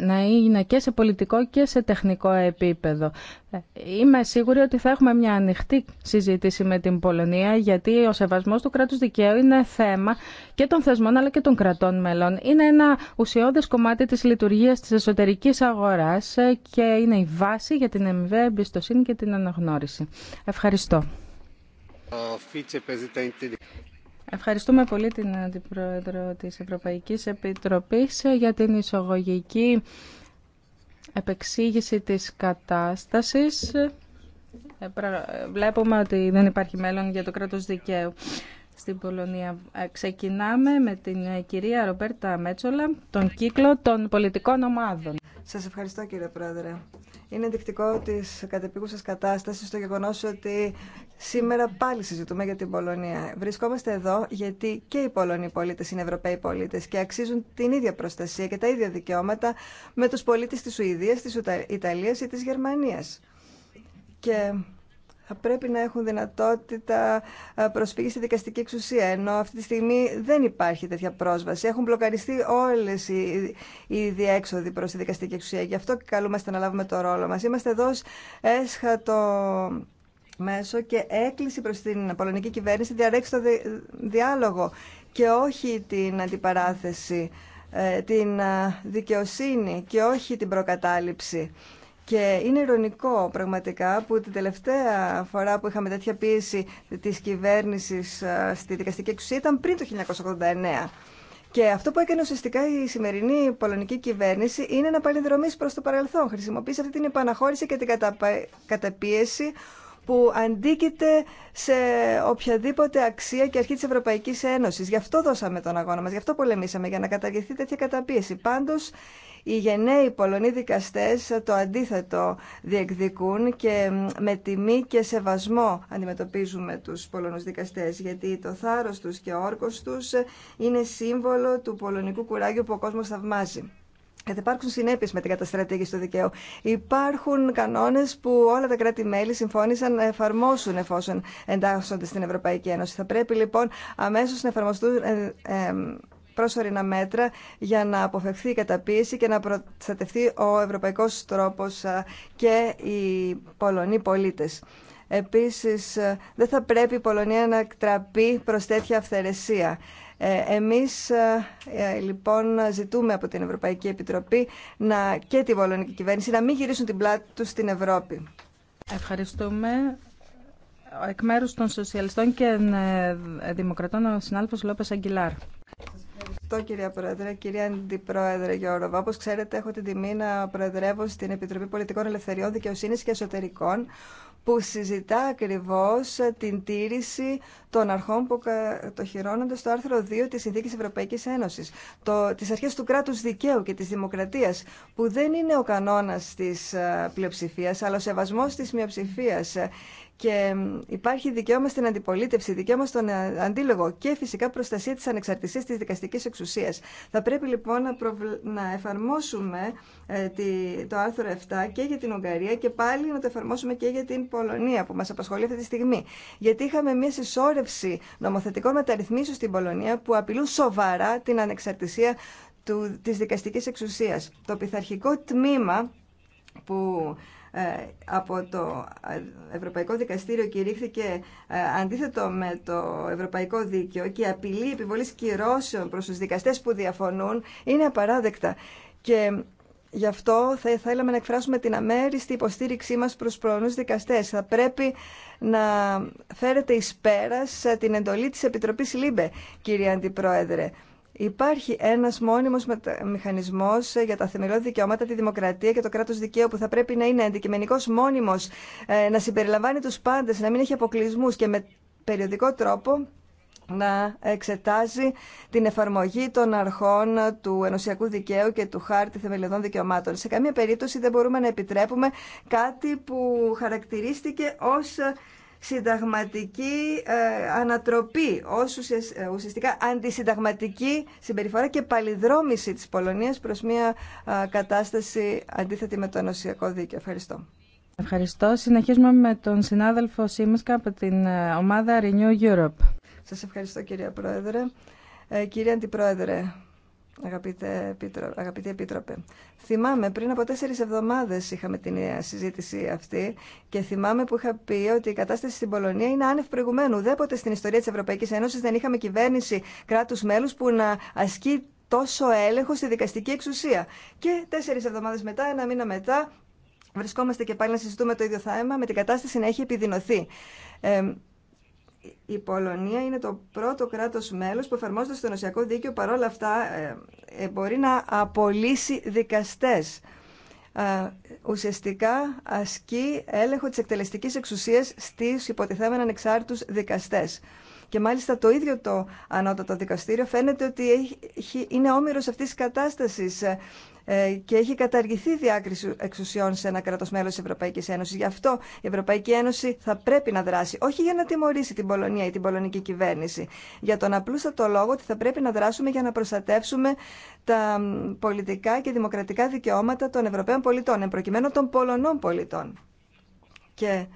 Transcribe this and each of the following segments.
να είναι και σε πολιτικό και σε τεχνικό επίπεδο. Είμαι σίγουρη ότι θα έχουμε μια ανοιχτή συζήτηση με την Πολωνία γιατί ο σεβασμός του κράτους δικαίου είναι θέμα και των θεσμών αλλά και των κρατών μελών. Είναι ένα ουσιώδες κομμάτι της λειτουργίας της εσωτερικής αγοράς και είναι η βάση για την εμβέα εμπιστοσύνη και την αναγνώριση. Ευχαριστώ. Ευχαριστούμε πολύ την Αντιπρόεδρο της Ευρωπαϊκής Επιτροπής για την εισαγωγική επεξήγηση της κατάστασης. Ε, βλέπουμε ότι δεν υπάρχει μέλλον για το κράτος δικαίου στην Πολωνία. Ε, ξεκινάμε με την ε, κυρία Ρομπέρτα Μέτσολα, τον κύκλο των πολιτικών ομάδων. Σας ευχαριστώ κύριε Πρόεδρε. Είναι ενδεικτικό τη κατεπίγουσα κατάσταση το γεγονό ότι σήμερα πάλι συζητούμε για την Πολωνία. Βρισκόμαστε εδώ γιατί και οι Πολωνοί πολίτε είναι Ευρωπαίοι πολίτε και αξίζουν την ίδια προστασία και τα ίδια δικαιώματα με του πολίτε τη Σουηδία, τη Ιταλία ή τη Γερμανία. Και θα πρέπει να έχουν δυνατότητα προσφυγή στη δικαστική εξουσία. Ενώ αυτή τη στιγμή δεν υπάρχει τέτοια πρόσβαση. Έχουν μπλοκαριστεί όλε οι διέξοδοι προ τη δικαστική εξουσία. Γι' αυτό και καλούμαστε να λάβουμε το ρόλο μα. Είμαστε εδώ έσχατο μέσο και έκκληση προς την πολωνική κυβέρνηση διαρρέξει το διάλογο και όχι την αντιπαράθεση, ε, την δικαιοσύνη και όχι την προκατάληψη. Και είναι ηρωνικό πραγματικά που την τελευταία φορά που είχαμε τέτοια πίεση της κυβέρνησης ε, στη δικαστική εξουσία ήταν πριν το 1989. Και αυτό που έκανε ουσιαστικά η σημερινή πολωνική κυβέρνηση είναι να παλινδρομήσει προς το παρελθόν. Χρησιμοποίησε αυτή την επαναχώρηση και την καταπίεση που αντίκειται σε οποιαδήποτε αξία και αρχή της Ευρωπαϊκής Ένωσης. Γι' αυτό δώσαμε τον αγώνα μας, γι' αυτό πολεμήσαμε, για να καταργηθεί τέτοια καταπίεση. Πάντως, οι γενναίοι Πολωνοί δικαστές το αντίθετο διεκδικούν και με τιμή και σεβασμό αντιμετωπίζουμε τους Πολωνούς δικαστές γιατί το θάρρος τους και ο όρκος τους είναι σύμβολο του πολωνικού κουράγιου που ο κόσμος θαυμάζει θα υπάρξουν συνέπειε με την καταστρατήγηση του δικαίου. Υπάρχουν κανόνε που όλα τα κράτη-μέλη συμφώνησαν να εφαρμόσουν εφόσον εντάσσονται στην Ευρωπαϊκή Ένωση. Θα πρέπει λοιπόν αμέσω να εφαρμοστούν ε, ε πρόσωρινα μέτρα για να αποφευθεί η καταπίεση και να προστατευτεί ο ευρωπαϊκό τρόπο ε, και οι Πολωνοί πολίτε. Επίσης, ε, δεν θα πρέπει η Πολωνία να εκτραπεί προς τέτοια αυθαιρεσία. Ε, εμείς ε, ε, λοιπόν ζητούμε από την Ευρωπαϊκή Επιτροπή να, και τη Βολωνική Κυβέρνηση να μην γυρίσουν την πλάτη τους στην Ευρώπη. Ευχαριστούμε. Εκ μέρους των Σοσιαλιστών και Δημοκρατών, ο συνάδελφος Λόπες Αγγιλάρ. Ευχαριστώ κυρία Πρόεδρε, κυρία Αντιπρόεδρε Γιώργο, όπως ξέρετε, έχω την τιμή να προεδρεύω στην Επιτροπή Πολιτικών Ελευθεριών, Δικαιοσύνης και Εσωτερικών, που συζητά ακριβώς ε, την τήρηση των αρχών που κατοχυρώνονται στο άρθρο 2 της Συνθήκης Ευρωπαϊκής Ένωσης, το, τις αρχές του κράτους δικαίου και της δημοκρατίας, που δεν είναι ο κανόνας της ε, πλειοψηφίας, αλλά ο σεβασμός της μειοψηφίας και υπάρχει δικαίωμα στην αντιπολίτευση, δικαίωμα στον ε, αντίλογο και φυσικά προστασία της ανεξαρτησίας της δικαστικής εξουσίας. Θα πρέπει λοιπόν να, να εφαρμόσουμε ε, το άρθρο 7 και για την Ουγγαρία και πάλι να το εφαρμόσουμε και για την Πολωνία που μας απασχολεί αυτή τη στιγμή. Γιατί είχαμε μια συσσόρευση νομοθετικών μεταρρυθμίσεων στην Πολωνία που απειλούν σοβαρά την ανεξαρτησία του, της δικαστικής Το πειθαρχικό τμήμα που ε, από το ε, Ευρωπαϊκό Δικαστήριο κηρύχθηκε ε, αντίθετο με το Ευρωπαϊκό Δίκαιο και η απειλή επιβολής κυρώσεων προς τους δικαστές που διαφωνούν είναι απαράδεκτα. Και Γι' αυτό θα θέλαμε να εκφράσουμε την αμέριστη υποστήριξή μας προς προνούς δικαστές. Θα πρέπει να φέρετε εις πέρας την εντολή της Επιτροπής ΛΥΜΠΕ, κύριε Αντιπρόεδρε, Υπάρχει ένας μόνιμος μηχανισμός για τα θεμελιώδη δικαιώματα, τη δημοκρατία και το κράτο δικαίου που θα πρέπει να είναι αντικειμενικός μόνιμος, ε, να συμπεριλαμβάνει τους πάντες, να μην έχει αποκλεισμού και με περιοδικό τρόπο να εξετάζει την εφαρμογή των αρχών του ενωσιακού δικαίου και του χάρτη θεμελιωδών δικαιωμάτων. Σε καμία περίπτωση δεν μπορούμε να επιτρέπουμε κάτι που χαρακτηρίστηκε ως συνταγματική ε, ανατροπή, ως ε, ουσιαστικά αντισυνταγματική συμπεριφορά και παλιδρόμηση της Πολωνίας προς μια ε, κατάσταση αντίθετη με το νοσιακό δίκαιο. Ευχαριστώ. Ευχαριστώ. Συνεχίζουμε με τον συνάδελφο Σίμισκα από την ομάδα Renew Europe. Σας ευχαριστώ κυρία Πρόεδρε. Ε, κύριε Αντιπρόεδρε, Αγαπητέ, Επίτρο, αγαπητή Επίτροπε, θυμάμαι πριν από τέσσερις εβδομάδες είχαμε την ε, συζήτηση αυτή και θυμάμαι που είχα πει ότι η κατάσταση στην Πολωνία είναι άνευ προηγουμένου. Ουδέποτε στην ιστορία της Ευρωπαϊκής Ένωσης δεν είχαμε κυβέρνηση κράτους μέλους που να ασκεί τόσο έλεγχο στη δικαστική εξουσία. Και τέσσερις εβδομάδες μετά, ένα μήνα μετά, βρισκόμαστε και πάλι να συζητούμε το ίδιο θέμα με την κατάσταση να έχει επιδεινωθεί. Ε, η Πολωνία είναι το πρώτο κράτος μέλος που εφαρμόζεται στο νοσιακό δίκαιο. Παρόλα αυτά ε, ε, μπορεί να απολύσει δικαστές. Ε, ουσιαστικά ασκεί έλεγχο της εκτελεστικής εξουσίας στις υποτιθέμενα ανεξάρτητους δικαστές. Και μάλιστα το ίδιο το ανώτατο δικαστήριο φαίνεται ότι είναι όμοιρος αυτής της κατάστασης ε, και έχει καταργηθεί διάκριση εξουσιών σε ένα κράτο μέλο τη Ευρωπαϊκή Ένωση. Γι' αυτό η Ευρωπαϊκή Ένωση θα πρέπει να δράσει, όχι για να τιμωρήσει την Πολωνία ή την πολωνική κυβέρνηση, για τον απλούστατο λόγο ότι θα πρέπει να δράσουμε για να προστατεύσουμε τα πολιτικά και δημοκρατικά δικαιώματα των Ευρωπαίων πολιτών, Εν προκειμένου των Πολωνών πολιτών. Και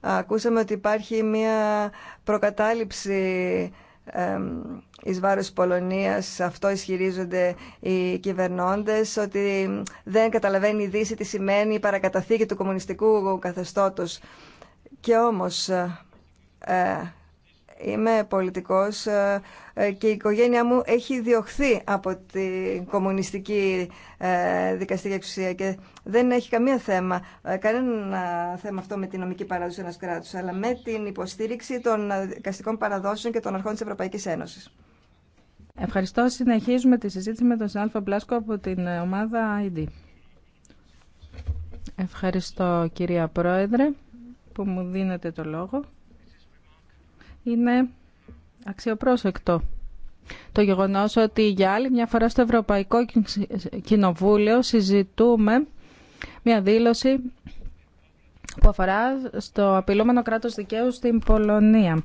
ακούσαμε ότι υπάρχει μια προκατάληψη εις βάρος Πολωνίας αυτό ισχυρίζονται οι κυβερνώντες ότι δεν καταλαβαίνει η Δύση τι σημαίνει η παρακαταθήκη του κομμουνιστικού καθεστώτος και όμως ε, Είμαι πολιτικός ε, ε, και η οικογένειά μου έχει διωχθεί από την κομμουνιστική ε, δικαστική εξουσία και δεν έχει καμία θέμα, κανένα θέμα αυτό με την νομική παράδοση ενός κράτους, αλλά με την υποστήριξη των δικαστικών παραδόσεων και των αρχών της Ευρωπαϊκής Ένωσης. Ευχαριστώ. Συνεχίζουμε τη συζήτηση με τον Σάλφα Μπλάσκο από την ομάδα ID. Ευχαριστώ κυρία Πρόεδρε που μου δίνετε το λόγο είναι αξιοπρόσεκτο. Το γεγονός ότι για άλλη μια φορά στο Ευρωπαϊκό Κοινοβούλιο συζητούμε μια δήλωση που αφορά στο απειλούμενο κράτος δικαίου στην Πολωνία.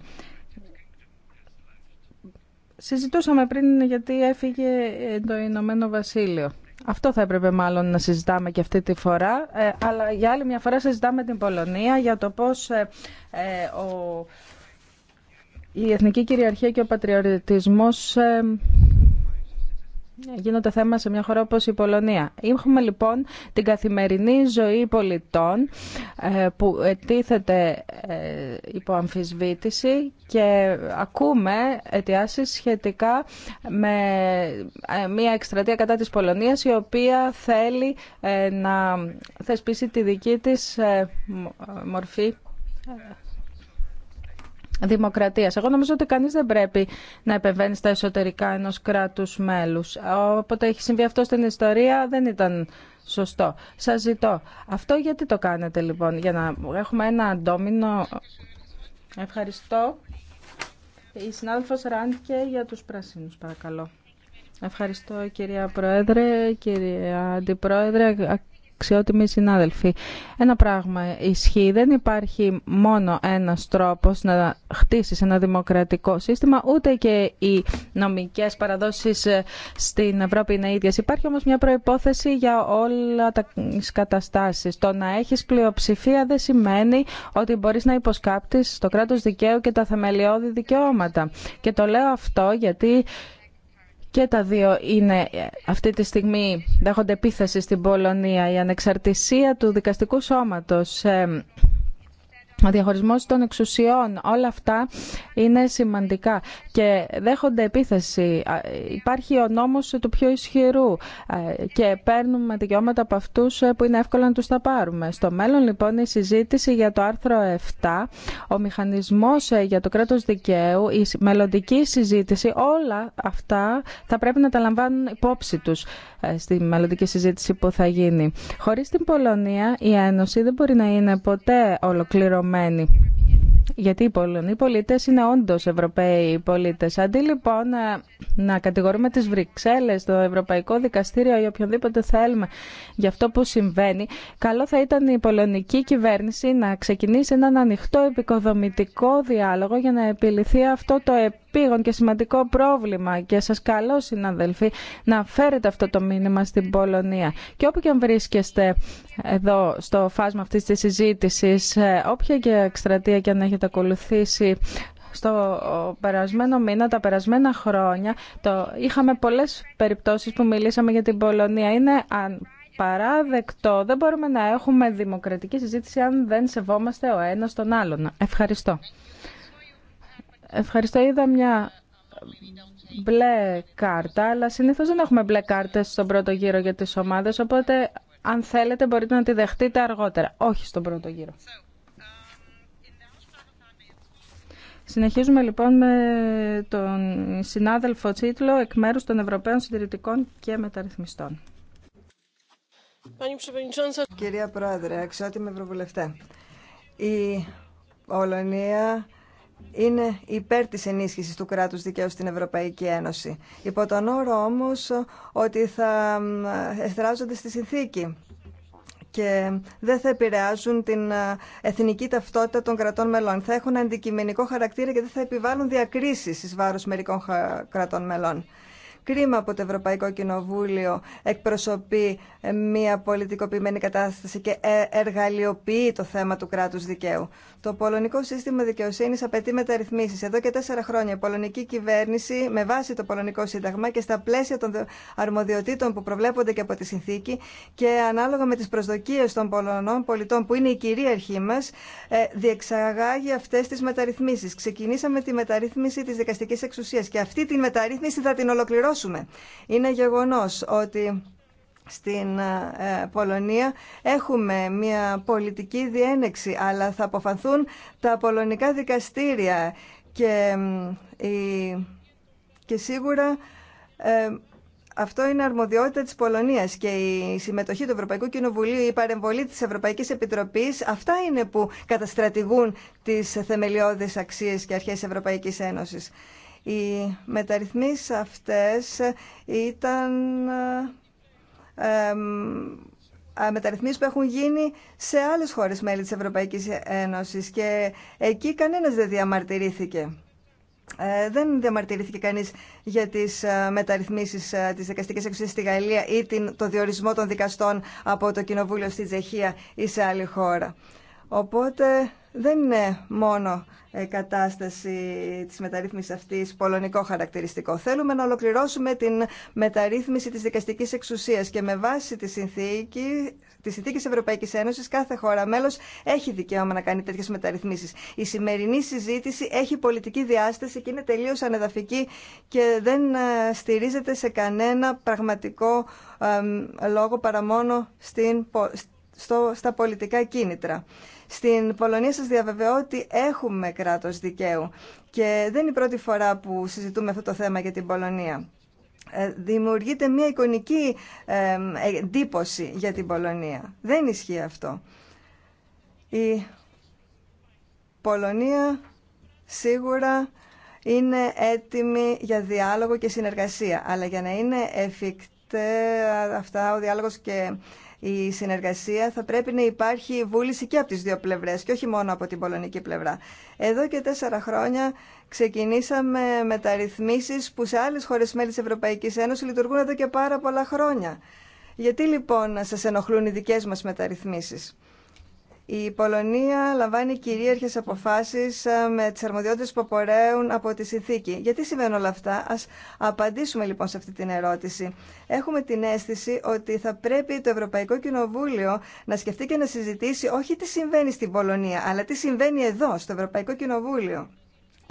Συζητούσαμε πριν γιατί έφυγε το Ηνωμένο Βασίλειο. Αυτό θα έπρεπε μάλλον να συζητάμε και αυτή τη φορά. Ε, αλλά για άλλη μια φορά συζητάμε την Πολωνία για το πώς ε, ε, ο η εθνική κυριαρχία και ο πατριωτισμός ε, γίνονται θέμα σε μια χώρα όπως η Πολωνία. Έχουμε λοιπόν την καθημερινή ζωή πολιτών ε, που ετίθεται ε, υπό αμφισβήτηση και ακούμε αιτιάσεις σχετικά με μια εκστρατεία κατά της Πολωνίας η οποία θέλει να θεσπίσει τη δική της μορφή δημοκρατίας. Εγώ νομίζω ότι κανείς δεν πρέπει να επεμβαίνει στα εσωτερικά ενός κράτους μέλους. Όποτε έχει συμβεί αυτό στην ιστορία δεν ήταν σωστό. Σας ζητώ. Αυτό γιατί το κάνετε λοιπόν, για να έχουμε ένα αντόμινο. Ευχαριστώ. Η συνάδελφος Ράντκε για τους πράσινους παρακαλώ. Ευχαριστώ κυρία Πρόεδρε, κυρία Αντιπρόεδρε, αξιότιμοι συνάδελφοι. Ένα πράγμα ισχύει. Δεν υπάρχει μόνο ένας τρόπος να χτίσεις ένα δημοκρατικό σύστημα, ούτε και οι νομικές παραδόσεις ε, στην Ευρώπη είναι ίδιες. Υπάρχει όμως μια προϋπόθεση για όλα τα καταστάσεις. Το να έχεις πλειοψηφία δεν σημαίνει ότι μπορείς να υποσκάπτεις το κράτος δικαίου και τα θεμελιώδη δικαιώματα. Και το λέω αυτό γιατί και τα δύο είναι αυτή τη στιγμή δέχονται επίθεση στην Πολωνία. Η ανεξαρτησία του δικαστικού σώματος ε, ο διαχωρισμό των εξουσιών, όλα αυτά είναι σημαντικά και δέχονται επίθεση. Υπάρχει ο νόμο του πιο ισχυρού και παίρνουμε δικαιώματα από αυτού που είναι εύκολο να του τα πάρουμε. Στο μέλλον λοιπόν η συζήτηση για το άρθρο 7, ο μηχανισμό για το κράτο δικαίου, η μελλοντική συζήτηση, όλα αυτά θα πρέπει να τα λαμβάνουν υπόψη του ε, στη μελλοντική συζήτηση που θα γίνει. Χωρί την Πολωνία η Ένωση δεν μπορεί να είναι ποτέ ολοκληρωμένη γιατί οι Πολωνοί πολίτε είναι όντω Ευρωπαίοι πολίτε. Αντί λοιπόν να, ε, να κατηγορούμε τι Βρυξέλλε, το Ευρωπαϊκό Δικαστήριο ή οποιονδήποτε θέλουμε για αυτό που συμβαίνει, καλό θα ήταν η πολωνική κυβέρνηση να ξεκινήσει έναν ανοιχτό επικοδομητικό διάλογο για να επιληθεί αυτό το επίπεδο πήγον και σημαντικό πρόβλημα και σας καλώ συναδελφοί να φέρετε αυτό το μήνυμα στην Πολωνία. Και όπου και αν βρίσκεστε εδώ στο φάσμα αυτής της συζήτησης, ε, όποια και εκστρατεία και αν έχετε ακολουθήσει στο περασμένο μήνα, τα περασμένα χρόνια, το, είχαμε πολλές περιπτώσεις που μιλήσαμε για την Πολωνία. Είναι αν παράδεκτο. Δεν μπορούμε να έχουμε δημοκρατική συζήτηση αν δεν σεβόμαστε ο ένας τον άλλον. Ευχαριστώ. Ευχαριστώ. Είδα μια μπλε κάρτα, αλλά συνήθως δεν έχουμε μπλε κάρτες στον πρώτο γύρο για τις ομάδες, οπότε αν θέλετε μπορείτε να τη δεχτείτε αργότερα. Όχι στον πρώτο γύρο. Συνεχίζουμε λοιπόν με τον συνάδελφο Τσίτλο εκ μέρους των Ευρωπαίων Συντηρητικών και Μεταρρυθμιστών. Κυρία Πρόεδρε, αξιότιμη Ευρωβουλευτέ, η Πολωνία είναι υπέρ της ενίσχυσης του κράτους δικαίου στην Ευρωπαϊκή Ένωση. Υπό τον όρο όμως ότι θα εθράζονται στη συνθήκη και δεν θα επηρεάζουν την ε, εθνική ταυτότητα των κρατών μελών. Θα έχουν αντικειμενικό χαρακτήρα και δεν θα επιβάλλουν διακρίσεις εις βάρος μερικών κρατών μελών. Κρίμα που το Ευρωπαϊκό Κοινοβούλιο εκπροσωπεί ε, μια πολιτικοποιημένη κατάσταση και ε, εργαλειοποιεί το θέμα του κράτους δικαίου. Το πολωνικό σύστημα δικαιοσύνης απαιτεί μεταρρυθμίσεις. Εδώ και τέσσερα χρόνια η πολωνική κυβέρνηση με βάση το πολωνικό σύνταγμα και στα πλαίσια των αρμοδιοτήτων που προβλέπονται και από τη συνθήκη και ανάλογα με τις προσδοκίες των πολωνών πολιτών που είναι η κυρίαρχή μας ε, διεξαγάγει αυτές τις μεταρρυθμίσεις. Ξεκινήσαμε τη μεταρρύθμιση της δικαστικής εξουσίας και αυτή τη μεταρρύθμιση θα την ολοκληρώσουμε είναι γεγονός ότι στην ε, Πολωνία έχουμε μια πολιτική διένεξη, αλλά θα αποφανθούν τα πολωνικά δικαστήρια και, και σίγουρα ε, αυτό είναι αρμοδιότητα της Πολωνίας και η συμμετοχή του Ευρωπαϊκού Κοινοβουλίου, η παρεμβολή της Ευρωπαϊκής Επιτροπής, αυτά είναι που καταστρατηγούν τις θεμελιώδεις αξίες και αρχές της Ευρωπαϊκής Ένωσης. Οι μεταρρυθμίσεις αυτές ήταν μεταρρυθμίσεις που έχουν γίνει σε άλλες χώρες μέλη της Ευρωπαϊκής Ένωσης και εκεί κανένας δεν διαμαρτυρήθηκε. Ε, δεν διαμαρτυρήθηκε κανείς για τις ε, μεταρρυθμίσεις ε, της δικαστικής εξουσίας στη Γαλλία ή την, το διορισμό των δικαστών από το Κοινοβούλιο στη Τσεχία ή σε άλλη χώρα. Οπότε δεν είναι μόνο κατάσταση της μεταρρύθμισης αυτής πολωνικό χαρακτηριστικό. Θέλουμε να ολοκληρώσουμε την μεταρρύθμιση της δικαστικής εξουσίας και με βάση τη συνθήκη τη συνθήκη Ευρωπαϊκή Ένωση, κάθε χώρα μέλο έχει δικαίωμα να κάνει τέτοιε μεταρρυθμίσει. Η σημερινή συζήτηση έχει πολιτική διάσταση και είναι τελείω ανεδαφική και δεν ε, στηρίζεται σε κανένα πραγματικό ε, λόγο παρά μόνο στην, στα πολιτικά κίνητρα. Στην Πολωνία σας διαβεβαιώ ότι έχουμε κράτος δικαίου και δεν είναι η πρώτη φορά που συζητούμε αυτό το θέμα για την Πολωνία. Ε, δημιουργείται μια εικονική εντύπωση για την Πολωνία. Δεν ισχύει αυτό. Η Πολωνία σίγουρα είναι έτοιμη για διάλογο και συνεργασία. Αλλά για να είναι εφικτή ε, αυτά ο διάλογος και η συνεργασία θα πρέπει να υπάρχει βούληση και από τις δύο πλευρές και όχι μόνο από την πολωνική πλευρά. Εδώ και τέσσερα χρόνια ξεκινήσαμε μεταρρυθμίσεις που σε άλλες χώρες μέλη της Ευρωπαϊκής Ένωσης λειτουργούν εδώ και πάρα πολλά χρόνια. Γιατί λοιπόν σας ενοχλούν οι δικές μας μεταρρυθμίσεις. Η Πολωνία λαμβάνει κυρίαρχες αποφάσεις ε, με τις αρμοδιότητες που απορρέουν από τη συνθήκη. Γιατί συμβαίνουν όλα αυτά. Ας απαντήσουμε λοιπόν σε αυτή την ερώτηση. Έχουμε την αίσθηση ότι θα πρέπει το Ευρωπαϊκό Κοινοβούλιο να σκεφτεί και να συζητήσει όχι τι συμβαίνει στην Πολωνία, αλλά τι συμβαίνει εδώ, στο Ευρωπαϊκό Κοινοβούλιο.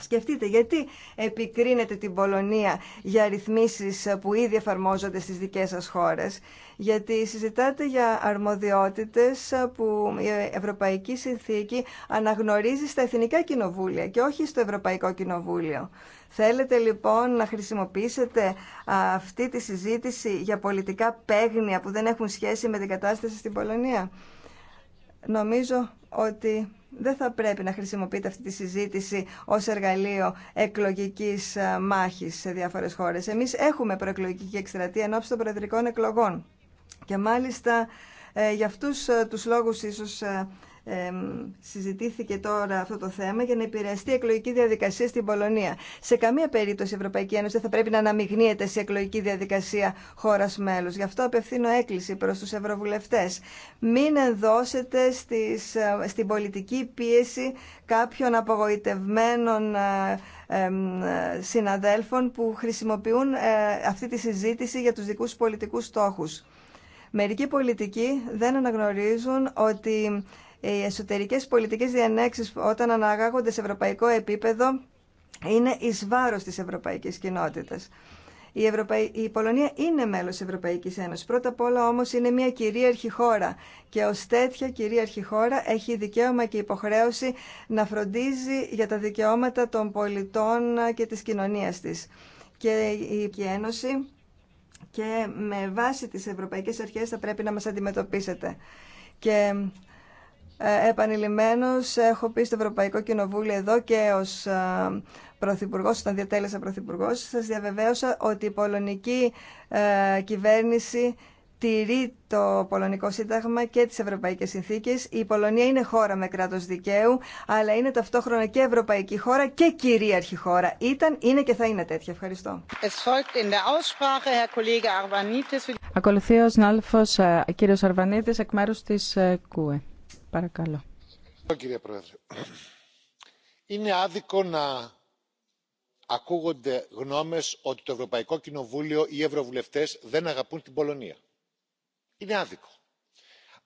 Σκεφτείτε γιατί επικρίνετε την Πολωνία για ρυθμίσεις που ήδη εφαρμόζονται στις δικές σας χώρες. Γιατί συζητάτε για αρμοδιότητες που η Ευρωπαϊκή Συνθήκη αναγνωρίζει στα Εθνικά Κοινοβούλια και όχι στο Ευρωπαϊκό Κοινοβούλιο. Θέλετε λοιπόν να χρησιμοποιήσετε αυτή τη συζήτηση για πολιτικά παίγνια που δεν έχουν σχέση με την κατάσταση στην Πολωνία. Νομίζω ότι δεν θα πρέπει να χρησιμοποιείτε αυτή τη συζήτηση ως εργαλείο εκλογικής ε, μάχης σε διάφορες χώρες. Εμείς έχουμε προεκλογική εκστρατεία εν των προεδρικών εκλογών. Και μάλιστα ε, για αυτούς ε, τους λόγους ίσως ε, συζητήθηκε τώρα αυτό το θέμα για να επηρεαστεί η εκλογική διαδικασία στην Πολωνία. Σε καμία περίπτωση η Ευρωπαϊκή Ένωση δεν θα πρέπει να αναμειγνύεται σε εκλογική διαδικασία χώρα μέλου. Γι' αυτό απευθύνω έκκληση προ του Ευρωβουλευτέ. Μην ενδώσετε στις, ε, στην πολιτική πίεση κάποιων απογοητευμένων ε, ε, συναδέλφων που χρησιμοποιούν αυτή τη συζήτηση για τους δικούς πολιτικούς στόχους. Μερικοί πολιτικοί δεν αναγνωρίζουν ότι οι εσωτερικές πολιτικές διανέξεις όταν αναγάγονται σε ευρωπαϊκό επίπεδο είναι εις βάρος της ευρωπαϊκής κοινότητας. Η, Ευρωπαϊ... η Πολωνία είναι μέλος της Ευρωπαϊκής Ένωσης. Πρώτα απ' όλα όμως είναι μια κυρίαρχη χώρα και ως τέτοια κυρίαρχη χώρα έχει δικαίωμα και υποχρέωση να φροντίζει για τα δικαιώματα των πολιτών και της κοινωνίας της. Και η Ένωση και με βάση τις ευρωπαϊκές αρχές θα πρέπει να μας αντιμετωπίσετε. Και ε, επανειλημμένως έχω πει στο Ευρωπαϊκό Κοινοβούλιο εδώ και ως ε, Πρωθυπουργός, όταν διατέλεσα Πρωθυπουργός, σας διαβεβαίωσα ότι η πολωνική ε, κυβέρνηση τηρεί το πολωνικό σύνταγμα και τις ευρωπαϊκές συνθήκες. Η Πολωνία είναι χώρα με κράτος δικαίου, αλλά είναι ταυτόχρονα και ευρωπαϊκή χώρα και κυρίαρχη χώρα. Ήταν, είναι και θα είναι τέτοια. Ευχαριστώ. εκ Παρακαλώ. Κύριε Πρόεδρε, είναι άδικο να ακούγονται γνώμες ότι το Ευρωπαϊκό Κοινοβούλιο ή οι Ευρωβουλευτές δεν αγαπούν την Πολωνία. Είναι άδικο.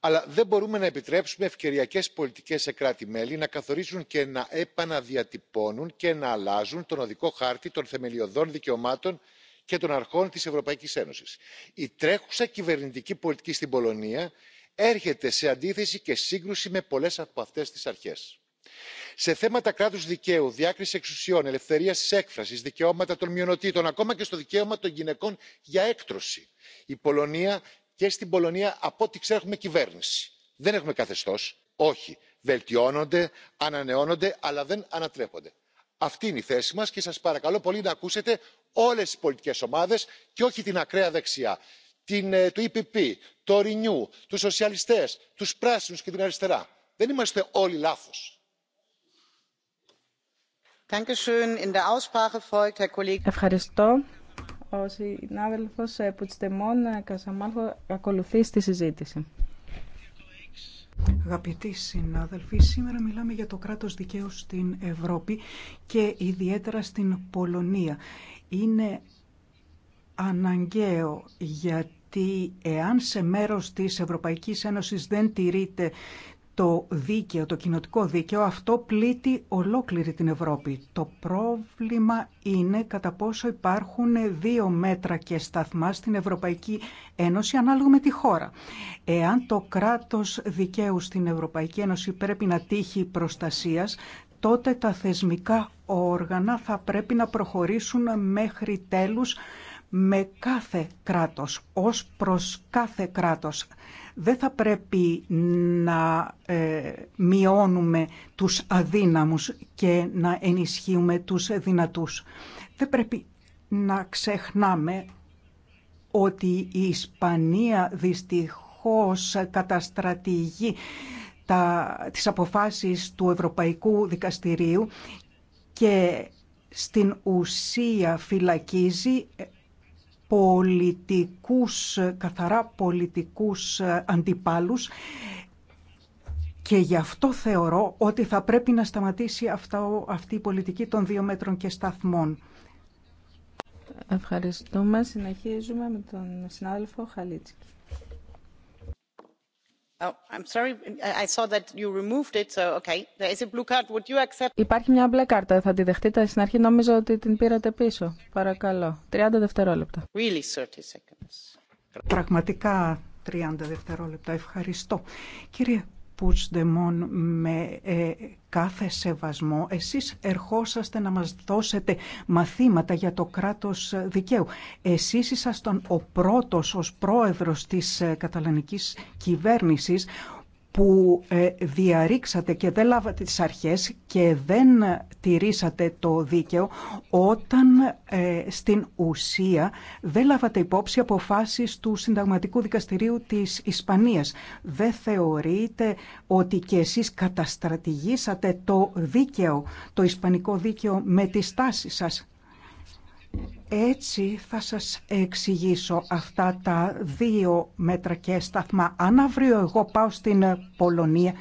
Αλλά δεν μπορούμε να επιτρέψουμε ευκαιριακές πολιτικές σε κράτη-μέλη να καθορίζουν και να επαναδιατυπώνουν και να αλλάζουν τον οδικό χάρτη των θεμελιωδών δικαιωμάτων και των αρχών της Ευρωπαϊκής Ένωσης. Η τρέχουσα κυβερνητική πολιτική στην Πολωνία έρχεται σε αντίθεση και σύγκρουση με πολλές από αυτές τις αρχές. σε θέματα κράτους δικαίου διάκριση εξουσιών ελευθερίας της έκφρασης δικαιώματα των μειονοτήτων ακόμα και στο δικαίωμα των γυναικών για έκτρωση η πολωνία και στην πολωνία από ό,τι ξέρω έχουμε κυβέρνηση. δεν έχουμε καθεστώς όχι βελτιώνονται ανανεώνονται αλλά δεν ανατρέπονται. αυτή είναι η θέση μας και σας παρακαλώ πολύ να ακούσετε όλες τις πολιτικές ομάδες και όχι την ακραία δεξιά. Ε, του EPP, το renew τους σοσιαλιστές τους πράσινους και την αριστερά. δεν είμαστε όλοι λάθος. Ευχαριστώ. Ο συνάδελφος ε, Πουτστεμόν ε, Κασαμάλχο ακολουθεί στη συζήτηση. Αγαπητοί συνάδελφοι, σήμερα μιλάμε για το κράτος δικαίου στην Ευρώπη και ιδιαίτερα στην Πολωνία. Είναι αναγκαίο γιατί εάν σε μέρος της Ευρωπαϊκής Ένωσης δεν τηρείται το δίκαιο, το κοινοτικό δίκαιο, αυτό πλήττει ολόκληρη την Ευρώπη. Το πρόβλημα είναι κατά πόσο υπάρχουν δύο μέτρα και σταθμά στην Ευρωπαϊκή Ένωση ανάλογα με τη χώρα. Εάν το κράτος δικαίου στην Ευρωπαϊκή Ένωση πρέπει να τύχει προστασίας, τότε τα θεσμικά όργανα θα πρέπει να προχωρήσουν μέχρι τέλους με κάθε κράτος, ως προς κάθε κράτος. Δεν θα πρέπει να ε, μειώνουμε τους αδύναμους και να ενισχύουμε τους δυνατούς. Δεν πρέπει να ξεχνάμε ότι η Ισπανία δυστυχώς καταστρατηγεί τα, τις αποφάσεις του Ευρωπαϊκού Δικαστηρίου και στην ουσία φυλακίζει πολιτικούς, καθαρά πολιτικούς ε, αντιπάλους και γι' αυτό θεωρώ ότι θα πρέπει να σταματήσει αυτή η πολιτική των δύο μέτρων και σταθμών. Ευχαριστούμε. Συνεχίζουμε με τον συνάδελφο Χαλίτσικη. Υπάρχει μια μπλε κάρτα. Θα τη δεχτείτε στην αρχή. Νομίζω ότι την πήρατε πίσω. Παρακαλώ. 30 δευτερόλεπτα. Πραγματικά 30 δευτερόλεπτα. Ευχαριστώ. Κύριε Πουτσδεμόν με ε, κάθε σεβασμό. Εσείς ερχόσαστε να μας δώσετε μαθήματα για το κράτος δικαίου. Εσείς ήσασταν ο πρώτος ως πρόεδρος της ε, καταλανικής κυβέρνησης που ε, διαρρήξατε και δεν λάβατε τις αρχές και δεν τηρήσατε το δίκαιο όταν ε, στην ουσία δεν λάβατε υπόψη αποφάσεις του Συνταγματικού Δικαστηρίου της Ισπανίας. Δεν θεωρείτε ότι και εσείς καταστρατηγήσατε το δίκαιο, το ισπανικό δίκαιο με τις τάσεις σας. Έτσι θα σας εξηγήσω αυτά τα δύο μέτρα και σταθμά. Αν αύριο εγώ πάω στην Πολωνία,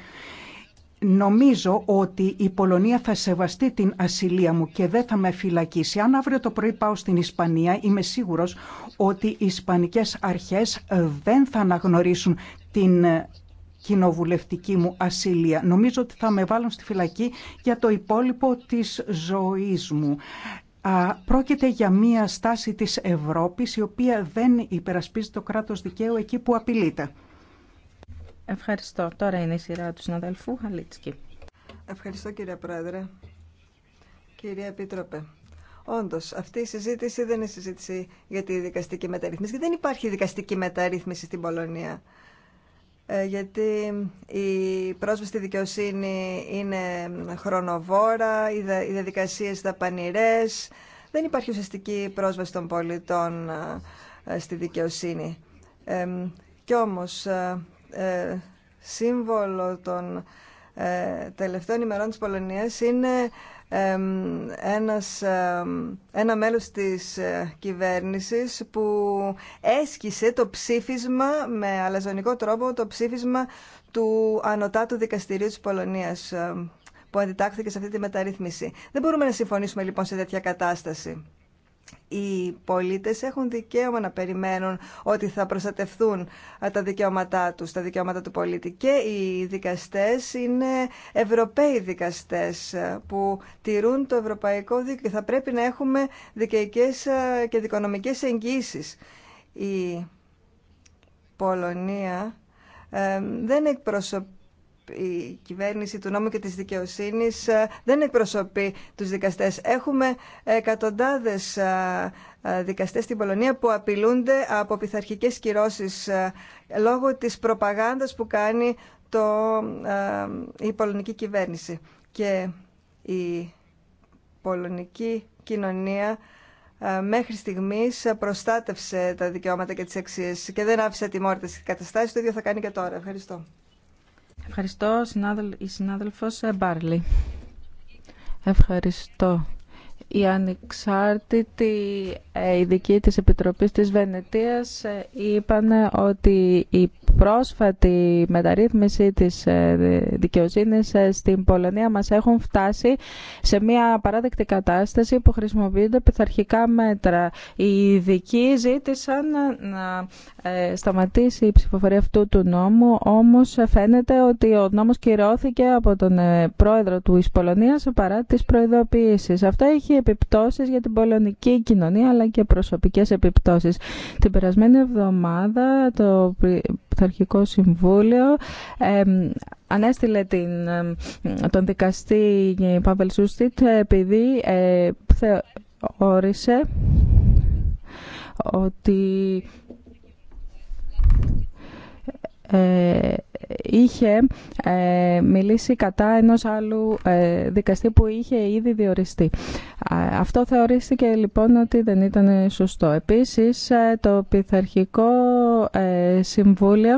νομίζω ότι η Πολωνία θα σεβαστεί την ασυλία μου και δεν θα με φυλακίσει. Αν αύριο το πρωί πάω στην Ισπανία, είμαι σίγουρος ότι οι Ισπανικές αρχές δεν θα αναγνωρίσουν την κοινοβουλευτική μου ασυλία. Νομίζω ότι θα με βάλουν στη φυλακή για το υπόλοιπο της ζωής μου. Α, πρόκειται για μία στάση της Ευρώπης η οποία δεν υπερασπίζει το κράτος δικαίου εκεί που απειλείται. Ευχαριστώ. Τώρα είναι η σειρά του συναδελφού Χαλίτσκι. Ευχαριστώ κύριε Πρόεδρε. Κύριε Επίτροπε. Όντω, αυτή η συζήτηση δεν είναι συζήτηση για τη δικαστική μεταρρύθμιση. Δεν υπάρχει δικαστική μεταρρύθμιση στην Πολωνία. Ε, γιατί η πρόσβαση στη δικαιοσύνη είναι χρονοβόρα, οι διαδικασίες πανηρές. δεν υπάρχει ουσιαστική πρόσβαση των πολιτών ε, στη δικαιοσύνη. Ε, κι όμως, ε, σύμβολο των ε, τελευταίων ημερών της Πολωνίας είναι ένας, ένα μέλος της ε, κυβέρνησης που έσκησε το ψήφισμα με αλαζονικό τρόπο το ψήφισμα του Ανωτάτου Δικαστηρίου της Πολωνίας που αντιτάχθηκε σε αυτή τη μεταρρύθμιση. Δεν μπορούμε να συμφωνήσουμε λοιπόν σε τέτοια κατάσταση οι πολίτες έχουν δικαίωμα να περιμένουν ότι θα προστατευθούν τα δικαιώματά τους, τα δικαιώματα του πολίτη. Και οι δικαστές είναι Ευρωπαίοι δικαστές που τηρούν το ευρωπαϊκό δίκαιο και θα πρέπει να έχουμε δικαϊκές και δικονομικές εγγύσεις. Η Πολωνία δεν εκπροσωπεί η κυβέρνηση του νόμου και της δικαιοσύνης ε, δεν εκπροσωπεί τους δικαστές. Έχουμε εκατοντάδες ε, ε, δικαστές στην Πολωνία που απειλούνται από πειθαρχικές κυρώσεις λόγω της προπαγάνδας που κάνει το, η πολωνική κυβέρνηση. Και η πολωνική κοινωνία μέχρι στιγμής προστάτευσε τα δικαιώματα και τις αξίες και δεν άφησε τη καταστάσεις. Το ίδιο θα κάνει και τώρα. Ευχαριστώ. Ευχαριστώ, η συνάδελφος ε, Μπάρλι. Ευχαριστώ. Η ανεξάρτητη ε, ειδική της Επιτροπής της Βενετίας ε, είπαν ότι η πρόσφατη μεταρρύθμιση της ε, δικαιοσύνης ε, στην Πολωνία μας έχουν φτάσει σε μια παράδεκτη κατάσταση που χρησιμοποιούνται πειθαρχικά μέτρα. Οι ειδικοί ζήτησαν να ε, σταματήσει η ψηφοφορία αυτού του νόμου, όμως φαίνεται ότι ο νόμος κυρώθηκε από τον πρόεδρο του Πολωνίας παρά τις προειδοποιήσεις. Αυτό έχει επιπτώσεις για την πολωνική κοινωνία αλλά και προσωπικές επιπτώσεις. Την περασμένη εβδομάδα το Πειθαρχικό Συμβούλιο ανέστηλε την, τον δικαστή Παύλ Σούστιτ επειδή ε, θεώρησε ότι ε, είχε ε, μιλήσει κατά ενός άλλου ε, δικαστή που είχε ήδη διοριστεί. Αυτό θεωρήθηκε λοιπόν ότι δεν ήταν σωστό. Επίσης το Πειθαρχικό Συμβούλιο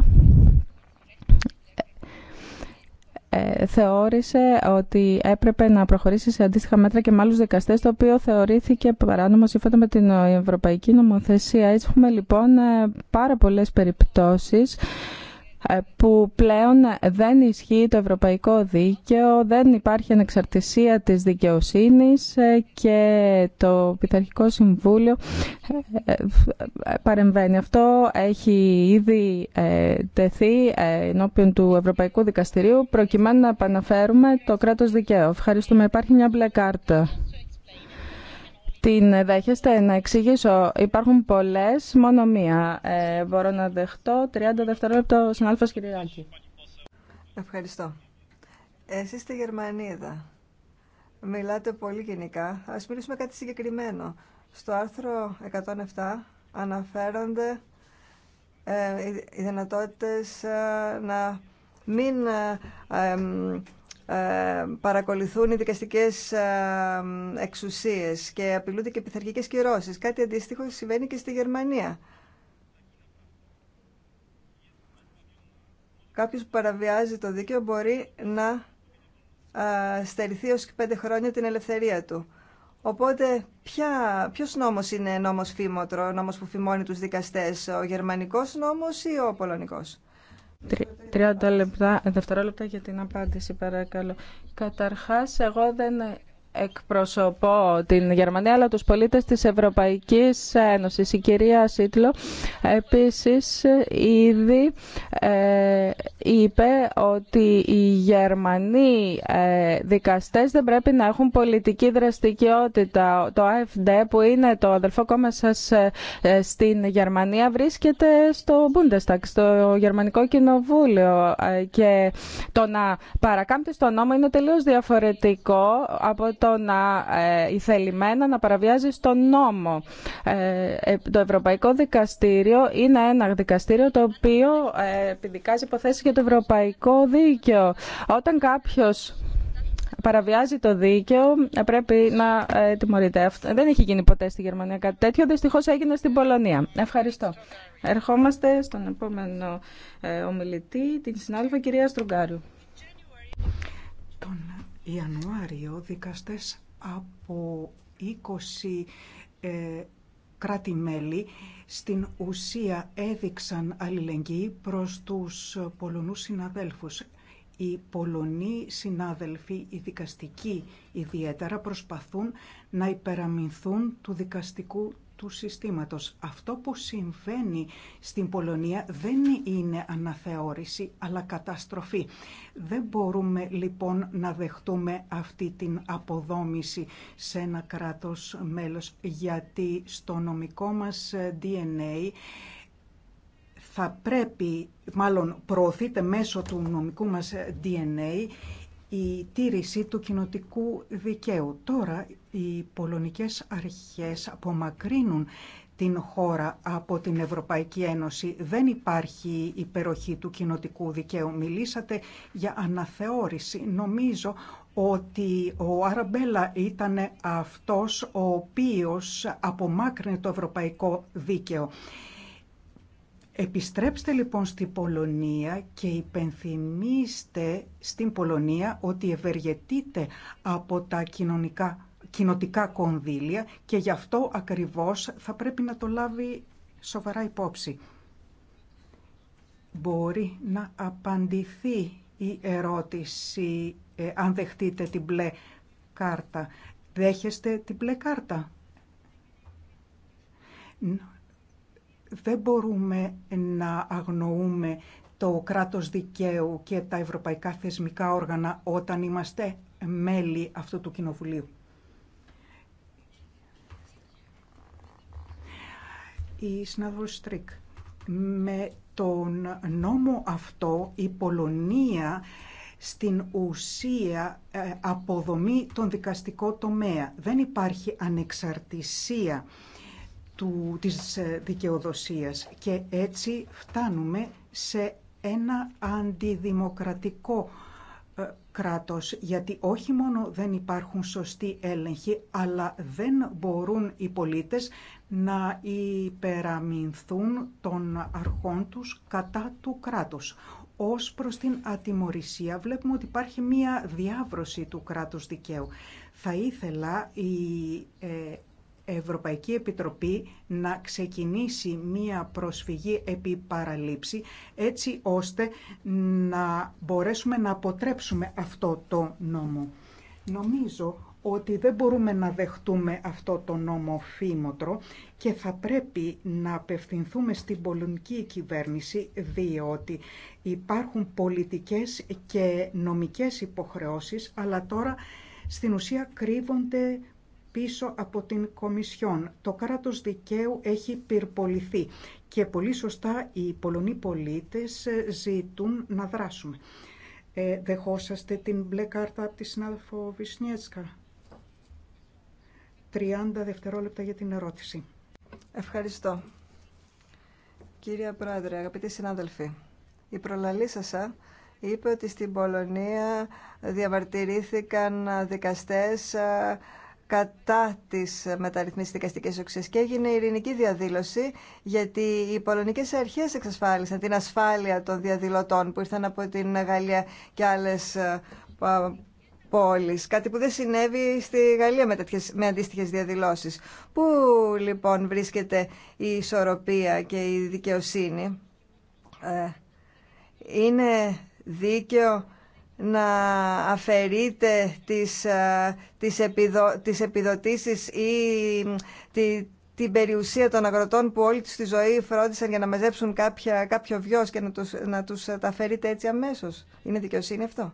θεώρησε ότι έπρεπε να προχωρήσει σε αντίστοιχα μέτρα και με άλλους δικαστέ, το οποίο θεωρήθηκε παράνομο σύμφωνα με την Ευρωπαϊκή Νομοθεσία. Έτσι, έχουμε λοιπόν πάρα πολλές περιπτώσεις. Ε, που πλέον δεν ισχύει το ευρωπαϊκό δίκαιο, δεν υπάρχει ανεξαρτησία της δικαιοσύνης ε, και το Πειθαρχικό Συμβούλιο ε, παρεμβαίνει. Αυτό έχει ήδη τεθεί ενώπιον του Ευρωπαϊκού Δικαστηρίου προκειμένου να επαναφέρουμε το κράτος δικαίου. Ευχαριστούμε. Υπάρχει μια μπλε κάρτα την δέχεστε να εξηγήσω. Υπάρχουν πολλέ μόνο μία. Ε, μπορώ να δεχτώ 30 δευτερόλεπτα συνάλφο Κυριάκη. Ευχαριστώ. Εσεί είστε Γερμανίδα. Μιλάτε πολύ γενικά. Α μιλήσουμε κάτι συγκεκριμένο. Στο άρθρο 107 αναφέρονται ε, οι δυνατότητε ε, να μην ε, ε, παρακολουθούν οι δικαστικές ε, εξουσίες και απειλούνται και πειθαρχικές κυρώσεις. Κάτι αντίστοιχο συμβαίνει και στη Γερμανία. Κάποιος που παραβιάζει το δίκαιο μπορεί να ε, στερηθεί ως πέντε χρόνια την ελευθερία του. Οπότε ποια, ποιος νόμος είναι νόμος φήμωτρο, νόμος που φημώνει τους δικαστές, ο γερμανικός νόμος ή ο πολωνικός. 30 λεπτά, δευτερόλεπτα για την απάντηση παρακαλώ. Καταρχάς, εγώ δεν εκπροσωπώ την Γερμανία αλλά τους πολίτες της Ευρωπαϊκής Ένωσης. Η κυρία Σίτλο επίσης ήδη ε, είπε ότι οι Γερμανοί ε, δικαστές δεν πρέπει να έχουν πολιτική δραστικαιότητα. Το AFD που είναι το αδελφό κόμμα σας ε, στην Γερμανία βρίσκεται στο Bundestag, στο Γερμανικό Κοινοβούλιο και το να παρακάμπτεις το νόμο είναι τελείως διαφορετικό από το να ε, ηθελημένα να παραβιάζει στον νόμο. Ε, ε, το Ευρωπαϊκό Δικαστήριο είναι ένα δικαστήριο το οποίο επιδικάζει υποθέσεις για το Ευρωπαϊκό Δίκαιο. Όταν κάποιος παραβιάζει το δίκαιο, πρέπει να τιμωρείται. Δεν έχει γίνει ποτέ στη Γερμανία κάτι τέτοιο, δυστυχώ έγινε στην Πολωνία. Ευχαριστώ. Ερχόμαστε στον επόμενο ομιλητή, την συνάδελφα κυρία Στρουγκάριου. Ιανουάριο δικαστές από 20 ε, κράτη-μέλη στην ουσία έδειξαν αλληλεγγύη προς τους Πολωνούς συναδέλφους. Οι Πολωνοί συνάδελφοι, οι δικαστικοί ιδιαίτερα, προσπαθούν να υπεραμεινθούν του δικαστικού του συστήματος. Αυτό που συμβαίνει στην Πολωνία δεν είναι αναθεώρηση, αλλά καταστροφή. Δεν μπορούμε λοιπόν να δεχτούμε αυτή την αποδόμηση σε ένα κράτος μέλος, γιατί στο νομικό μας DNA θα πρέπει, μάλλον προωθείται μέσω του νομικού μας DNA, η τήρηση του κοινοτικού δικαίου. Τώρα οι πολωνικές αρχές απομακρύνουν την χώρα από την Ευρωπαϊκή Ένωση. Δεν υπάρχει υπεροχή του κοινοτικού δικαίου. Μιλήσατε για αναθεώρηση. Νομίζω ότι ο Αραμπέλα ήταν αυτός ο οποίος απομάκρυνε το ευρωπαϊκό δίκαιο. Επιστρέψτε λοιπόν στην Πολωνία και υπενθυμίστε στην Πολωνία ότι ευεργετείτε από τα κοινωνικά κοινοτικά κονδύλια και γι' αυτό ακριβώς θα πρέπει να το λάβει σοβαρά υπόψη. Μπορεί να απαντηθεί η ερώτηση ε, αν δεχτείτε την μπλε κάρτα. Δέχεστε την μπλε κάρτα. Δεν μπορούμε να αγνοούμε το κράτος δικαίου και τα ευρωπαϊκά θεσμικά όργανα όταν είμαστε μέλη αυτού του κοινοβουλίου. η συνάδελφος Στρίκ. Με τον νόμο αυτό η Πολωνία στην ουσία ε, αποδομεί τον δικαστικό τομέα. Δεν υπάρχει ανεξαρτησία του, της ε, δικαιοδοσίας και έτσι φτάνουμε σε ένα αντιδημοκρατικό ε, κράτος, γιατί όχι μόνο δεν υπάρχουν σωστοί έλεγχοι, αλλά δεν μπορούν οι πολίτες να υπεραμεινθούν των αρχών τους κατά του κράτους. Ως προς την ατιμορρησία βλέπουμε ότι υπάρχει μία διάβρωση του κράτους δικαίου. Θα ήθελα η ε, Ευρωπαϊκή Επιτροπή να ξεκινήσει μία προσφυγή επί παραλήψη έτσι ώστε να μπορέσουμε να αποτρέψουμε αυτό το νόμο. Νομίζω ότι δεν μπορούμε να δεχτούμε αυτό το νόμο φήμοτρο και θα πρέπει να απευθυνθούμε στην πολωνική κυβέρνηση διότι υπάρχουν πολιτικές και νομικές υποχρεώσεις αλλά τώρα στην ουσία κρύβονται πίσω από την Κομισιόν. Το κράτος δικαίου έχει πυρποληθεί και πολύ σωστά οι Πολωνοί πολίτες ε, ζητούν να δράσουμε. Ε, δεχόσαστε την μπλε κάρτα από τη συνάδελφο Βυσνιέτσκα. 30 δευτερόλεπτα για την ερώτηση. Ευχαριστώ. Κύριε Πρόεδρε, αγαπητοί συνάδελφοι, η προλαλήσασα είπε ότι στην Πολωνία διαμαρτυρήθηκαν δικαστές κατά της μεταρρυθμίσει δικαστικέ οξύς και έγινε η ειρηνική διαδήλωση γιατί οι πολωνικές αρχές εξασφάλισαν την ασφάλεια των διαδηλωτών που ήρθαν από την Γαλλία και άλλες ε, πόλεις. Κάτι που δεν συνέβη στη Γαλλία με, τέτοιες, με αντίστοιχες διαδηλώσεις. Πού λοιπόν βρίσκεται η ισορροπία και η δικαιοσύνη. Ε, είναι δίκαιο να αφαιρείτε τις, ε, τις, επιδο, τις επιδοτήσεις ή τη, την περιουσία των αγροτών που όλη τους τη ζωή φρόντισαν για να μαζέψουν κάποια, κάποιο βιός και να τους, να τους ε, τα αφαιρείτε έτσι αμέσως. Είναι δικαιοσύνη αυτό.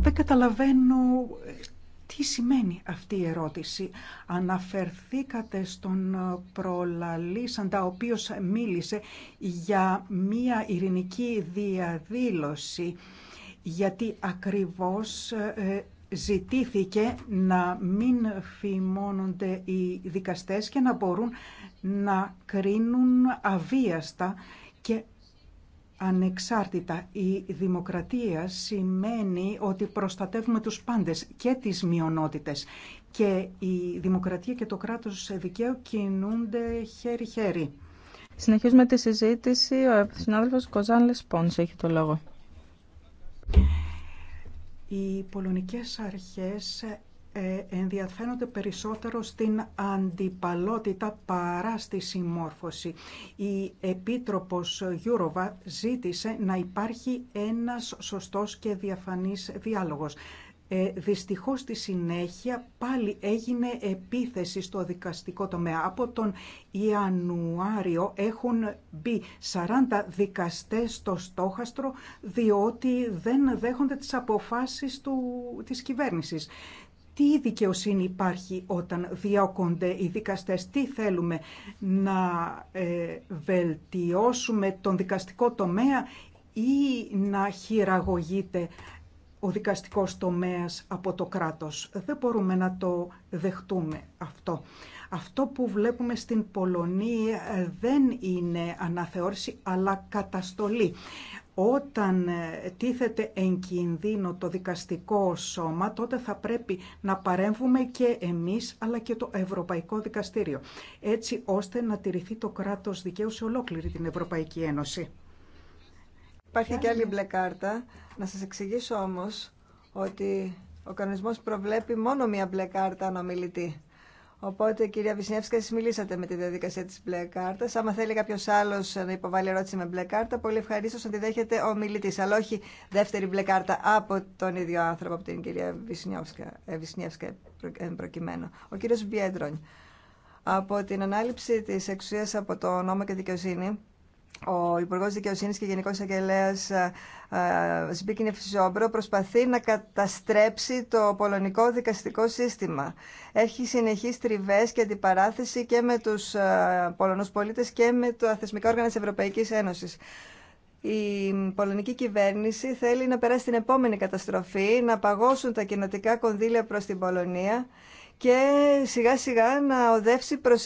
Δεν καταλαβαίνω τι σημαίνει αυτή η ερώτηση. Αναφερθήκατε στον προλαλήσαντα, ο οποίος μίλησε για μία ειρηνική διαδήλωση, γιατί ακριβώς ε, ζητήθηκε να μην φημώνονται οι δικαστές και να μπορούν να κρίνουν αβίαστα και ανεξάρτητα. Η δημοκρατία σημαίνει ότι προστατεύουμε τους πάντες και τις μειονότητες και η δημοκρατία και το κράτος δικαίου κινούνται χέρι-χέρι. Συνεχίζουμε τη συζήτηση. Ο συνάδελφος Κοζάν Λεσπόνς έχει το λόγο. Οι πολωνικές αρχές ε, ενδιαφέρονται περισσότερο στην αντιπαλότητα παρά στη συμμόρφωση. Η Επίτροπος Γιούροβα ζήτησε να υπάρχει ένας σωστός και διαφανής διάλογος. Ε, δυστυχώς στη συνέχεια πάλι έγινε επίθεση στο δικαστικό τομέα. Από τον Ιανουάριο έχουν μπει 40 δικαστές στο στόχαστρο διότι δεν δέχονται τις αποφάσεις του, της κυβέρνησης τι δικαιοσύνη υπάρχει όταν διώκονται οι δικαστές, τι θέλουμε να ε, βελτιώσουμε τον δικαστικό τομέα ή να χειραγωγείται ο δικαστικός τομέας από το κράτος. Δεν μπορούμε να το δεχτούμε αυτό. Αυτό που βλέπουμε στην Πολωνία ε, δεν είναι αναθεώρηση αλλά καταστολή. Όταν ε, τίθεται εν κινδύνο το δικαστικό σώμα, τότε θα πρέπει να παρέμβουμε και εμείς, αλλά και το Ευρωπαϊκό Δικαστήριο, έτσι ώστε να τηρηθεί το κράτος δικαίου σε ολόκληρη την Ευρωπαϊκή Ένωση. Υπάρχει και άλλη μπλε κάρτα. Να σας εξηγήσω όμως ότι ο κανονισμός προβλέπει μόνο μία μπλε κάρτα ανομιλητή. Οπότε, κυρία Βυσνιεύσκα, εσεί μιλήσατε με τη διαδικασία τη μπλε κάρτα. Άμα θέλει κάποιο άλλο να υποβάλει ερώτηση με μπλε κάρτα, πολύ ευχαρίστω να τη δέχεται ο μιλητή. Αλλά όχι δεύτερη μπλε κάρτα από τον ίδιο άνθρωπο, από την κυρία Βυσνιεύσκα, ε, προκειμένου. Ο κύριο Μπιέντρον. Από την ανάληψη τη εξουσία από το νόμο και δικαιοσύνη, ο Υπουργό Δικαιοσύνη και Γενικό Αγγελέα Σμπίκινε Ζόμπρο ε, προσπαθεί να καταστρέψει το πολωνικό δικαστικό σύστημα. Έχει συνεχεί τριβέ και αντιπαράθεση και με του ε, Πολωνού πολίτε και με το θεσμικά όργανα τη Ευρωπαϊκή Ένωση. Η πολωνική κυβέρνηση θέλει να περάσει την επόμενη καταστροφή, να παγώσουν τα κοινοτικά κονδύλια προ την Πολωνία και σιγά σιγά να οδεύσει προς,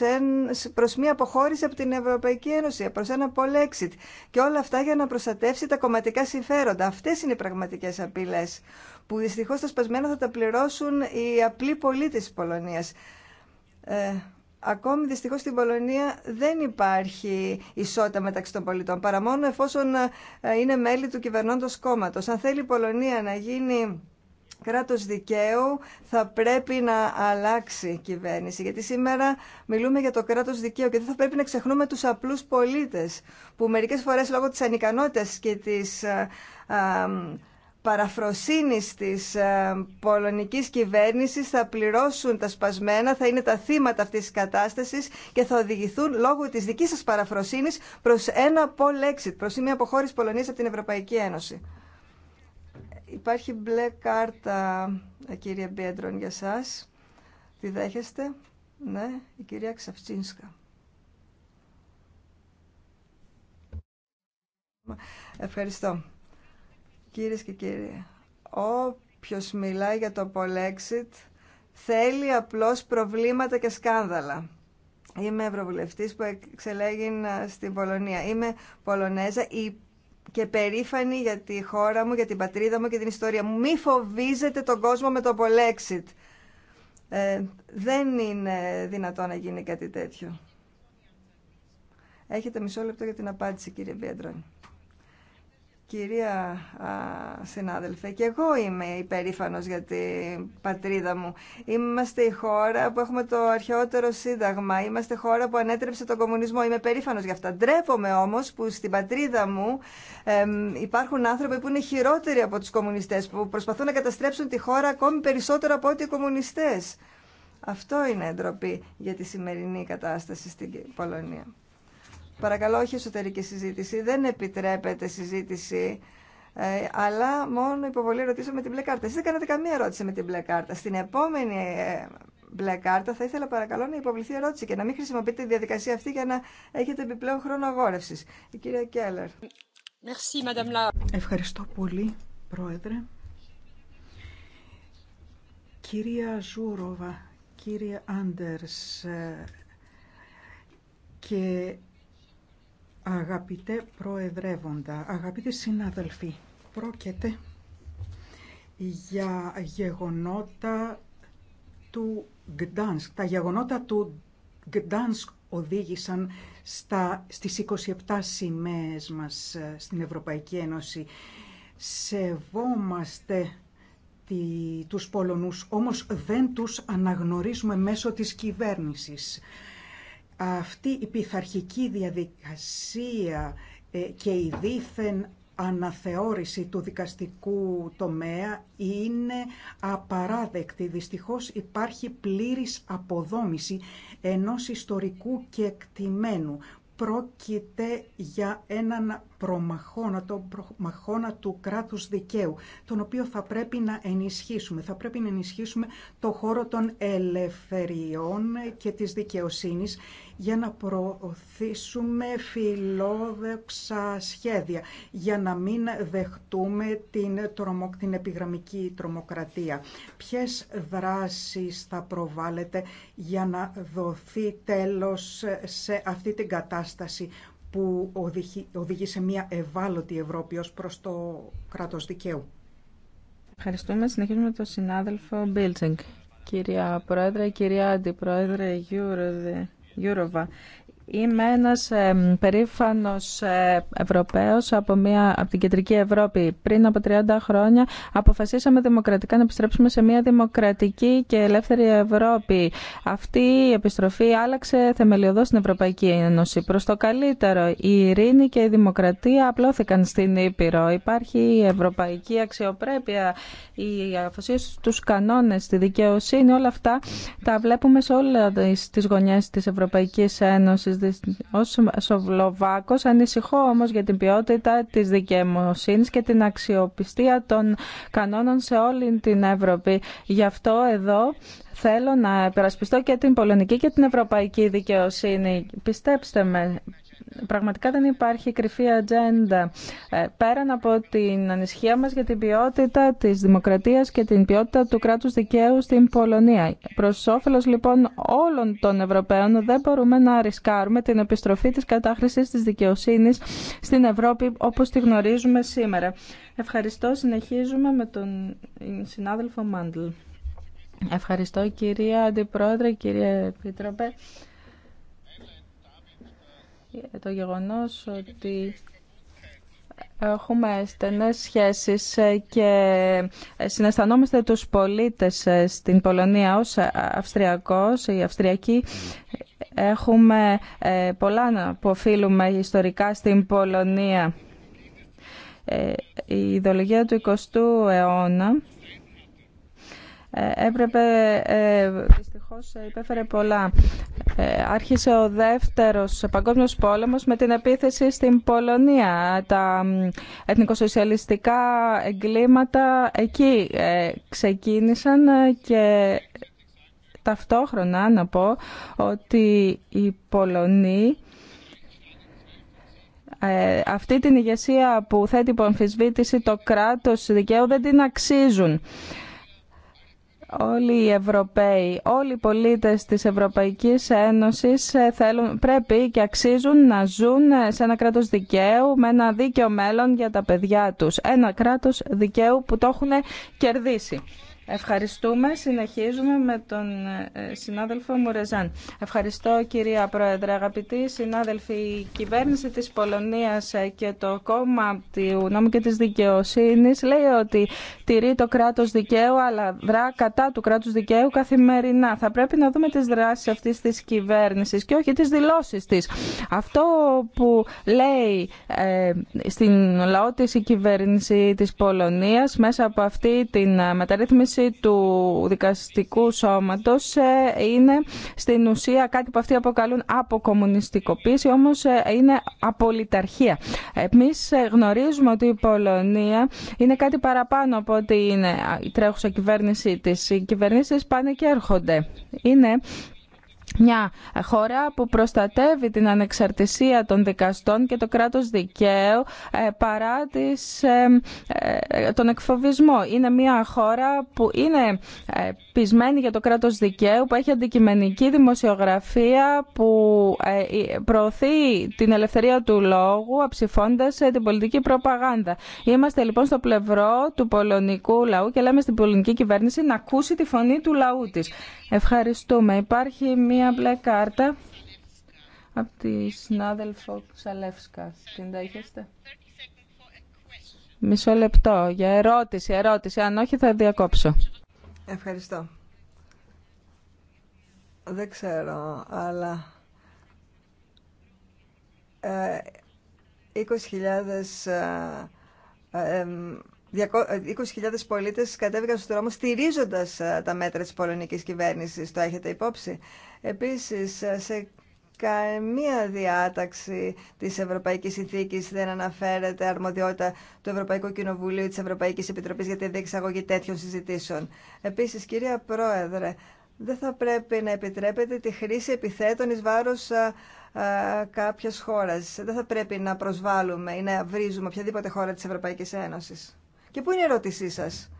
προς μια αποχώρηση από την Ευρωπαϊκή Ένωση, προς ένα πολέξιτ και όλα αυτά για να προστατεύσει τα κομματικά συμφέροντα. Αυτές είναι οι πραγματικές απειλές που δυστυχώς τα σπασμένα θα τα πληρώσουν οι απλοί πολίτες της Πολωνίας. Ε, ακόμη δυστυχώς στην Πολωνία δεν υπάρχει ισότητα μεταξύ των πολιτών, παρά μόνο εφόσον ε, είναι μέλη του κυβερνώντος κόμματος. Αν θέλει η Πολωνία να γίνει κράτος δικαίου θα πρέπει να αλλάξει κυβέρνηση. Γιατί σήμερα μιλούμε για το κράτος δικαίου και δεν θα πρέπει να ξεχνούμε τους απλούς πολίτες που μερικές φορές λόγω της ανικανότητας και της α, ε, α, ε, παραφροσύνης της ε, πολωνικής κυβέρνησης θα πληρώσουν τα σπασμένα, θα είναι τα θύματα αυτής της κατάστασης και θα οδηγηθούν λόγω της δικής σας παραφροσύνης προς ένα πολέξιτ, προς μια αποχώρηση Πολωνίας από την Ευρωπαϊκή Ένωση. Υπάρχει μπλε κάρτα, ε, κύριε Μπέντρον, για σας. Τη δέχεστε. Ναι, η κυρία Ξαφτσίνσκα. Ευχαριστώ. Κυρίε και κύριοι, όποιος μιλάει για το Polexit θέλει απλώς προβλήματα και σκάνδαλα. Είμαι ευρωβουλευτής που εξελέγει στην Πολωνία. Είμαι Πολωνέζα, και περήφανη για τη χώρα μου, για την πατρίδα μου και την ιστορία μου. Μη φοβίζετε τον κόσμο με το πολέξιτ, Ε, δεν είναι δυνατό να γίνει κάτι τέτοιο. Έχετε μισό λεπτό για την απάντηση, κύριε Μπέντρον. Κυρία συνάδελφε, και εγώ είμαι υπερήφανος για την πατρίδα μου. Είμαστε η χώρα που έχουμε το αρχαιότερο σύνταγμα. Είμαστε χώρα που ανέτρεψε τον κομμουνισμό. Είμαι περήφανος για αυτά. Ντρέπομαι όμως που στην πατρίδα μου υπάρχουν άνθρωποι που είναι χειρότεροι από τους κομμουνιστές, που προσπαθούν να καταστρέψουν τη χώρα ακόμη περισσότερο από ό,τι οι κομμουνιστές. Αυτό είναι ντροπή για τη σημερινή κατάσταση στην Πολωνία. Παρακαλώ, όχι εσωτερική συζήτηση. Δεν επιτρέπεται συζήτηση. Ε, αλλά μόνο υποβολή ερωτήσεων με την μπλε κάρτα. Εσείς δεν κάνατε καμία ερώτηση με την μπλε κάρτα. Στην επόμενη ε, μπλε κάρτα θα ήθελα παρακαλώ να υποβληθεί ερώτηση και να μην χρησιμοποιείτε τη διαδικασία αυτή για να έχετε επιπλέον χρόνο αγόρευση. Η κυρία Κέλλερ. Ευχαριστώ πολύ, Πρόεδρε. Κυρία Ζούροβα, κύριε Άντερς, ε, και Αγαπητέ Προεδρεύοντα, αγαπητοί συνάδελφοι, πρόκειται για γεγονότα του Γκτάνσκ. Τα γεγονότα του Γκτάνσκ οδήγησαν στα, στις 27 σημαίες μας ε, στην Ευρωπαϊκή Ένωση. Σεβόμαστε τους Πολωνούς, όμως δεν τους αναγνωρίζουμε μέσω της κυβέρνησης αυτή η πειθαρχική διαδικασία ε, και η δίθεν αναθεώρηση του δικαστικού τομέα είναι απαράδεκτη. Δυστυχώς υπάρχει πλήρης αποδόμηση ενός ιστορικού και εκτιμένου. Πρόκειται για έναν προμαχώνα, τον προμαχώνα του κράτους δικαίου, τον οποίο θα πρέπει να ενισχύσουμε. Θα πρέπει να ενισχύσουμε το χώρο των ελευθεριών και της δικαιοσύνης για να προωθήσουμε φιλόδεξα σχέδια, για να μην δεχτούμε την, τρομοκ, την επιγραμμική τρομοκρατία. Ποιες δράσεις θα προβάλλετε για να δοθεί τέλος σε αυτή την κατάσταση που οδηγεί, σε μια ευάλωτη Ευρώπη ως προς το κράτος δικαίου. Ευχαριστούμε. Συνεχίζουμε τον συνάδελφο Μπίλτσενγκ. Κυρία Πρόεδρε, κυρία Αντιπρόεδρε Γιούροβα, Είμαι ένας ε, περήφανος Ευρωπαίος από, μια, από την Κεντρική Ευρώπη. Πριν από 30 χρόνια αποφασίσαμε δημοκρατικά να επιστρέψουμε σε μια δημοκρατική και ελεύθερη Ευρώπη. Αυτή η επιστροφή άλλαξε θεμελιωδώς την Ευρωπαϊκή Ένωση. Προς το καλύτερο, η ειρήνη και η δημοκρατία απλώθηκαν στην Ήπειρο. Υπάρχει η ευρωπαϊκή αξιοπρέπεια, η αφοσίωση στους κανόνες, τη δικαιοσύνη, όλα αυτά τα βλέπουμε σε όλες τις γωνιές της Ευρωπαϊκής Ένωσης ο Σοβλοβάκος ανησυχώ όμως για την ποιότητα της δικαιοσύνης και την αξιοπιστία των κανόνων σε όλη την Ευρώπη. Γι' αυτό εδώ θέλω να περασπιστώ και την πολωνική και την ευρωπαϊκή δικαιοσύνη. Πιστέψτε με, πραγματικά δεν υπάρχει κρυφή ατζέντα. Ε, πέραν από την ανησυχία μας για την ποιότητα της δημοκρατίας και την ποιότητα του κράτους δικαίου στην Πολωνία. Προς όφελος λοιπόν όλων των Ευρωπαίων δεν μπορούμε να ρισκάρουμε την επιστροφή της κατάχρησης της δικαιοσύνης στην Ευρώπη όπως τη γνωρίζουμε σήμερα. Ευχαριστώ. Συνεχίζουμε με τον συνάδελφο Μάντλ. Ευχαριστώ κυρία Αντιπρόεδρε, κύριε Επίτροπε το γεγονός ότι έχουμε στενές σχέσεις ε, και συναισθανόμαστε τους πολίτες ε, στην Πολωνία ως Αυστριακός, Η Αυστριακοί έχουμε ε, πολλά να οφείλουμε ιστορικά στην Πολωνία. Η ιδεολογία του 20ου αιώνα έπρεπε δυστυχώς ε, υπέφερε πολλά. Ε, άρχισε ο δεύτερος παγκόσμιος πόλεμος με την επίθεση στην Πολωνία. Τα εθνικοσοσιαλιστικά εγκλήματα εκεί ε, ξεκίνησαν και ταυτόχρονα να πω ότι οι Πολωνοί αυτή την ηγεσία που θέτει υπό αμφισβήτηση το κράτος δικαίου δεν την αξίζουν όλοι οι Ευρωπαίοι, όλοι οι πολίτες της Ευρωπαϊκής Ένωσης ε, θέλουν, πρέπει και αξίζουν να ζουν σε ένα κράτος δικαίου με ένα δίκαιο μέλλον για τα παιδιά τους. Ένα κράτος δικαίου που το έχουν κερδίσει. Ευχαριστούμε. Συνεχίζουμε με τον ε, συνάδελφο Μουρεζάν. Ευχαριστώ κυρία Πρόεδρε. Αγαπητοί συνάδελφοι, η κυβέρνηση της Πολωνίας ε, και το κόμμα του νόμου και της δικαιοσύνης λέει ότι τηρεί το κράτος δικαίου αλλά δρά κατά του κράτους δικαίου καθημερινά. Θα πρέπει να δούμε τις δράσεις αυτής της κυβέρνησης και όχι τις δηλώσεις της. Αυτό που λέει ε, στην λαό της η κυβέρνηση της Πολωνίας μέσα από αυτή την μεταρρύθμιση απόφαση του δικαστικού σώματος ε, είναι στην ουσία κάτι που αυτοί αποκαλούν αποκομμουνιστικοποίηση, όμως ε, είναι απολυταρχία. Εμείς ε, γνωρίζουμε ότι η Πολωνία είναι κάτι παραπάνω από ότι είναι η τρέχουσα κυβέρνησή της. Οι κυβερνήσεις πάνε και έρχονται. Είναι μια χώρα που προστατεύει την ανεξαρτησία των δικαστών και το κράτος δικαίου ε, παρά ε, ε, τον εκφοβισμό. Είναι μια χώρα που είναι πεισμένη για το κράτος δικαίου, που έχει αντικειμενική δημοσιογραφία, που προωθεί την ελευθερία του λόγου, αψηφώντας την πολιτική προπαγάνδα. Είμαστε λοιπόν στο πλευρό του πολωνικού λαού και λέμε στην πολωνική κυβέρνηση να ακούσει τη φωνή του λαού της. Ευχαριστούμε. Υπάρχει μια μία μπλε κάρτα από τη συνάδελφο Ξαλεύσκα. Την δέχεστε. Μισό λεπτό για ερώτηση, ερώτηση. Αν όχι θα διακόψω. Ευχαριστώ. Δεν ξέρω, αλλά... Ε, 20.000 ε, ε 20.000 ε, πολίτες κατέβηκαν στους δρόμους στηρίζοντας ε, τα μέτρα της πολωνικής κυβέρνησης. Το έχετε υπόψη. Επίσης, ε, σε καμία διάταξη της Ευρωπαϊκής Συνθήκης δεν αναφέρεται αρμοδιότητα του Ευρωπαϊκού Κοινοβουλίου της Ευρωπαϊκής Επιτροπής για τη διεξαγωγή τέτοιων συζητήσεων. Επίσης, κυρία Πρόεδρε, δεν θα πρέπει να επιτρέπετε τη χρήση επιθέτων εις βάρος κάποιας χώρας. Δεν θα πρέπει να προσβάλλουμε ή να βρίζουμε οποιαδήποτε χώρα της Ευρωπαϊκής Ένωσης. Και πού είναι η ερώτησή σας.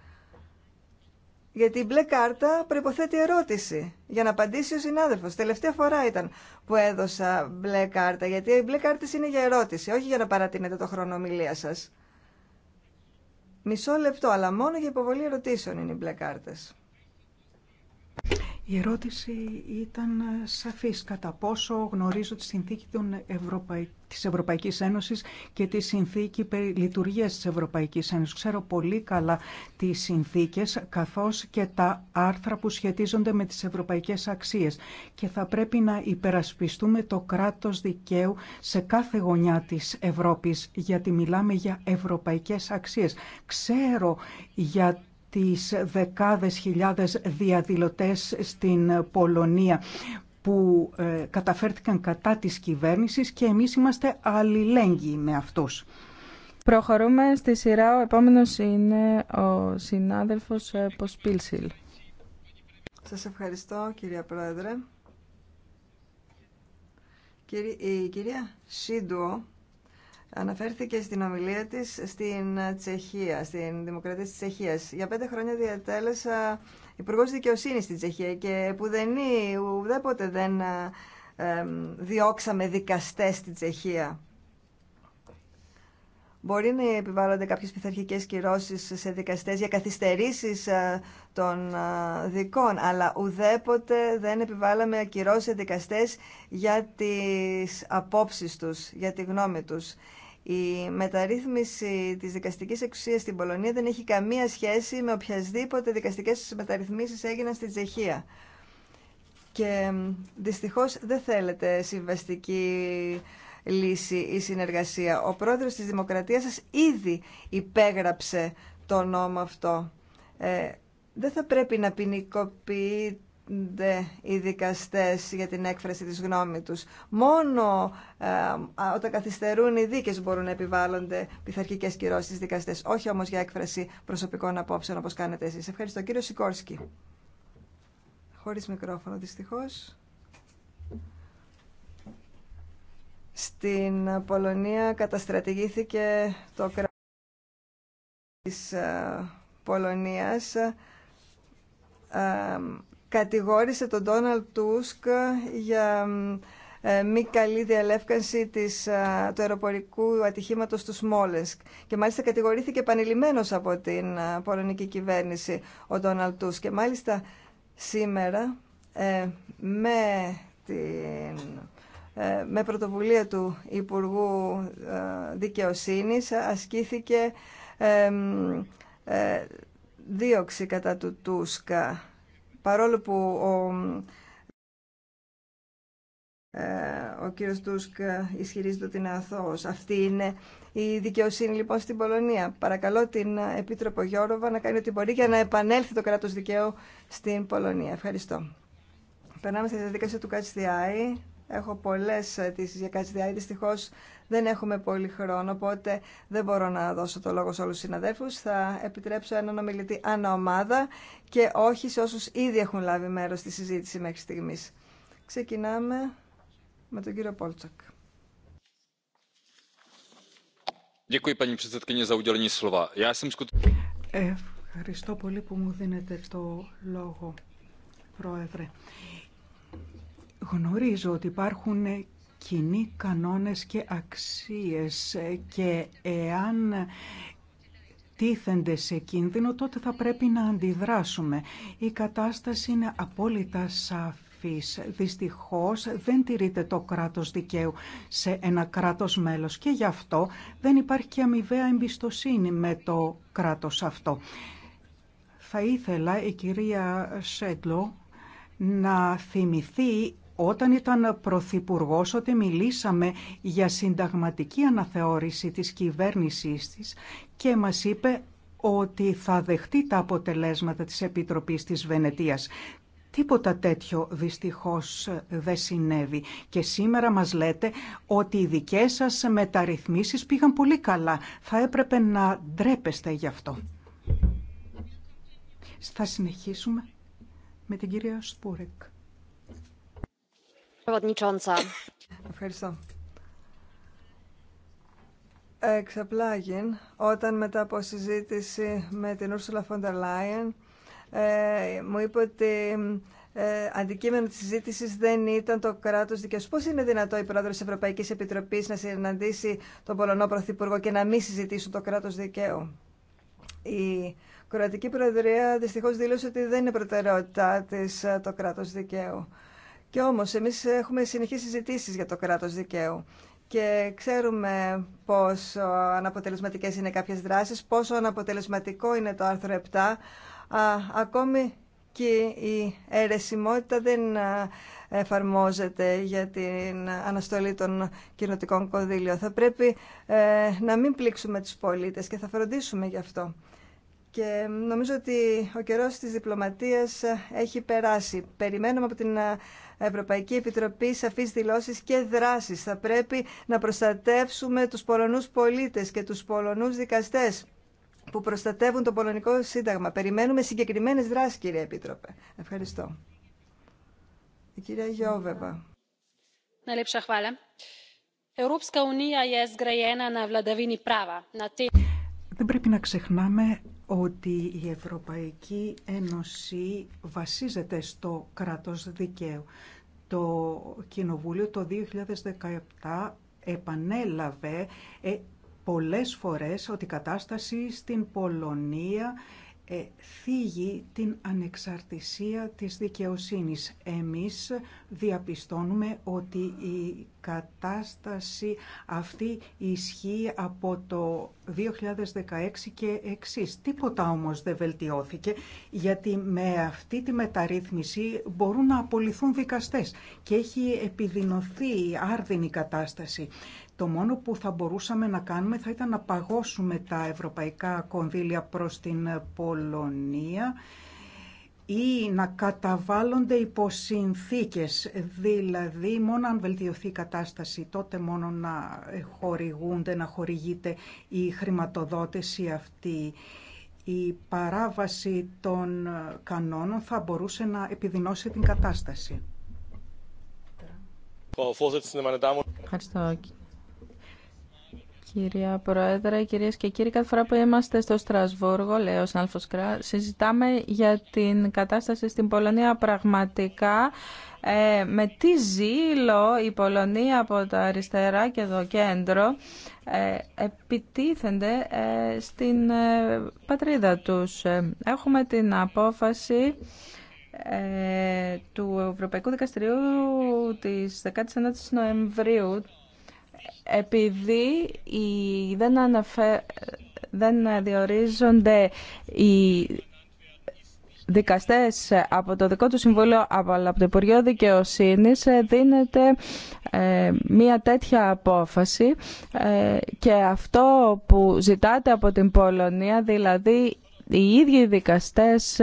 Γιατί η μπλε κάρτα προϋποθέτει ερώτηση για να απαντήσει ο συνάδελφος. Τελευταία φορά ήταν που έδωσα μπλε κάρτα, γιατί η μπλε κάρτα είναι για ερώτηση, όχι για να παρατείνετε το χρόνο ομιλία σας. Μισό λεπτό, αλλά μόνο για υποβολή ερωτήσεων είναι οι μπλε κάρτες. Η ερώτηση ήταν σαφής. Κατά πόσο γνωρίζω τη συνθήκη των της Ευρωπαϊκής Ένωσης και τη συνθήκη περί λειτουργίας της Ευρωπαϊκής Ένωσης. Ξέρω πολύ καλά τις συνθήκες καθώς και τα άρθρα που σχετίζονται με τις ευρωπαϊκές αξίες και θα πρέπει να υπερασπιστούμε το κράτος δικαίου σε κάθε γωνιά της Ευρώπης γιατί μιλάμε για ευρωπαϊκές αξίες. Ξέρω για τις δεκάδες χιλιάδες διαδηλωτές στην Πολωνία που ε, καταφέρθηκαν κατά της κυβέρνησης και εμείς είμαστε αλληλέγγυοι με αυτούς. Προχωρούμε στη σειρά. Ο επόμενος είναι ο συνάδελφος ε, Ποσπίλσιλ. Σας ευχαριστώ κυρία Πρόεδρε. Η κυρία Σίντουο Αναφέρθηκε στην ομιλία τη στην Τσεχία, στην Δημοκρατία της Τσεχίας. Για πέντε χρόνια διατέλεσα υπουργό δικαιοσύνη στην Τσεχία και πουδενή, ουδέποτε δεν ε, διώξαμε δικαστές στην Τσεχία. Μπορεί να επιβάλλονται κάποιε πειθαρχικέ κυρώσει σε δικαστέ για καθυστερήσει ε, των ε, δικών, αλλά ουδέποτε δεν επιβάλαμε κυρώσει σε δικαστέ για τι απόψει του, για τη γνώμη του. Η μεταρρύθμιση της δικαστικής εξουσία στην Πολωνία δεν έχει καμία σχέση με οποιασδήποτε δικαστικές μεταρρυθμίσεις έγιναν στη Τσεχία. Και δυστυχώς δεν θέλετε συμβαστική λύση ή συνεργασία. Ο πρόεδρος της Δημοκρατίας σας ήδη υπέγραψε το νόμο αυτό. Ε, δεν θα πρέπει να ποινικοποιείτε οι δικαστές για την έκφραση της γνώμη του. Μόνο ε, όταν καθυστερούν οι δίκες μπορούν να επιβάλλονται πειθαρχικέ κυρώσεις στις δικαστές, όχι όμως για έκφραση προσωπικών απόψεων όπως κάνετε εσείς. Ευχαριστώ. Κύριο Σικόρσκι. Χωρίς μικρόφωνο δυστυχώ. Στην Πολωνία καταστρατηγήθηκε το κράτος της ε, Πολωνίας ε, κατηγόρησε τον Ντόναλτ Τούσκ για ε, μη καλή διαλεύκανση της, ε, του αεροπορικού ατυχήματος του Σμόλεσκ. Και μάλιστα κατηγορήθηκε επανειλημμένος από την ε, πολωνική κυβέρνηση ο Ντόναλτ Τούσκ. Και μάλιστα σήμερα με, την, με πρωτοβουλία του Υπουργού Δικαιοσύνης ασκήθηκε δίωξη κατά του Τούσκα παρόλο που ο, ε, ο κύριος Τούσκ ισχυρίζεται ότι είναι αθώος. Αυτή είναι η δικαιοσύνη λοιπόν στην Πολωνία. Παρακαλώ την Επίτροπο Γιώροβα να κάνει ό,τι μπορεί για να επανέλθει το κράτος δικαίου στην Πολωνία. Ευχαριστώ. Περνάμε στη διαδικασία του ΚΑΤΣΤΙΑΗ. Έχω πολλές αιτήσει για κάτι Δυστυχώ δεν έχουμε πολύ χρόνο, οπότε δεν μπορώ να δώσω το λόγο σε όλους του συναδέλφους. Θα επιτρέψω έναν ομιλητή ανά ομάδα και όχι σε όσους ήδη έχουν λάβει μέρο στη συζήτηση μέχρι στιγμής. Ξεκινάμε με τον κύριο Πόλτσακ. Ευχαριστώ πολύ που μου δίνετε το λόγο, Πρόεδρε. Γνωρίζω ότι υπάρχουν κοινοί κανόνες και αξίες και εάν τίθενται σε κίνδυνο τότε θα πρέπει να αντιδράσουμε. Η κατάσταση είναι απόλυτα σαφής. Δυστυχώς δεν τηρείται το κράτος δικαίου σε ένα κράτος μέλος και γι' αυτό δεν υπάρχει και αμοιβαία εμπιστοσύνη με το κράτος αυτό. Θα ήθελα η κυρία Σέντλο να θυμηθεί όταν ήταν Πρωθυπουργό, ότι μιλήσαμε για συνταγματική αναθεώρηση της κυβέρνησής της και μας είπε ότι θα δεχτεί τα αποτελέσματα της Επιτροπής της Βενετίας. Τίποτα τέτοιο δυστυχώς δεν συνέβη και σήμερα μας λέτε ότι οι δικές σας μεταρρυθμίσεις πήγαν πολύ καλά. Θα έπρεπε να ντρέπεστε γι' αυτό. Θα συνεχίσουμε με την κυρία Σπούρεκ. Ευχαριστώ. Εξαπλάγιν, όταν μετά από συζήτηση με την Ursula von der μου είπε ότι ε, αντικείμενο της συζήτηση δεν ήταν το κράτος δικαίου. Πώς είναι δυνατό η Πρόεδρος της Ευρωπαϊκής Επιτροπής να συναντήσει τον Πολωνό Πρωθυπουργό και να μην συζητήσουν το κράτος δικαίου. Η Κροατική Προεδρία δυστυχώς δήλωσε ότι δεν είναι προτεραιότητά της ε, το κράτος δικαίου. Και όμως εμείς έχουμε συνεχείς συζητήσεις για το κράτος δικαίου και ξέρουμε πόσο αναποτελεσματικές είναι κάποιες δράσεις, πόσο αναποτελεσματικό είναι το άρθρο 7. ακόμη και η αιρεσιμότητα δεν εφαρμόζεται για την αναστολή των κοινοτικών κονδύλιων. Θα πρέπει ε, να μην πλήξουμε τους πολίτες και θα φροντίσουμε γι' αυτό. Και νομίζω ότι ο καιρός της διπλωματίας έχει περάσει. Περιμένουμε από την ε, Ευρωπαϊκή Επιτροπή σαφείς δηλώσεις και δράσεις. Θα πρέπει να προστατεύσουμε τους Πολωνούς πολίτες και τους Πολωνούς δικαστές που προστατεύουν το Πολωνικό Σύνταγμα. Περιμένουμε συγκεκριμένες δράσεις, κύριε Επίτροπε. Ευχαριστώ. Η κυρία Γιώβεβα. Δεν πρέπει να ξεχνάμε ότι η Ευρωπαϊκή Ένωση βασίζεται στο κράτος δικαίου. Το Κοινοβούλιο το 2017 επανέλαβε ε, πολλές φορές ότι η κατάσταση στην Πολωνία ε, θίγει την ανεξαρτησία της δικαιοσύνης. Εμείς διαπιστώνουμε ότι η κατάσταση αυτή ισχύει από το 2016 και εξής. Τίποτα όμως δεν βελτιώθηκε, γιατί με αυτή τη μεταρρύθμιση μπορούν να απολυθούν δικαστές και έχει επιδεινωθεί η άρδινη κατάσταση. Το μόνο που θα μπορούσαμε να κάνουμε θα ήταν να παγώσουμε τα ευρωπαϊκά κονδύλια προς την Πολωνία ή να καταβάλλονται υπό συνθήκες, δηλαδή μόνο αν βελτιωθεί η κατάσταση, τότε μόνο να καταβαλλονται υποσυνθηκες να χορηγείται η χρηματοδότηση αυτή. Η παράβαση των κανόνων θα μπορούσε να επιδεινώσει την κατάσταση. Ευχαριστώ Κυρία Πρόεδρε, κυρίες και κύριοι, κάθε φορά που είμαστε στο Στρασβούργο, λέω ο Σάλφος συζητάμε για την κατάσταση στην Πολωνία πραγματικά. Ε, με τι ζήλο η Πολωνία από τα αριστερά και το κέντρο ε, επιτίθενται ε, στην ε, πατρίδα τους. Έχουμε την απόφαση του Ευρωπαϊκού Δικαστηρίου της 19ης Νοεμβρίου επειδή οι, δεν, αναφε, δεν διορίζονται οι δικαστές από το δικό του συμβούλιο αλλά από το Υπουργείο Δικαιοσύνης, ε, δίνεται ε, μία τέτοια απόφαση ε, και αυτό που ζητάτε από την Πολωνία δηλαδή οι ίδιοι δικαστές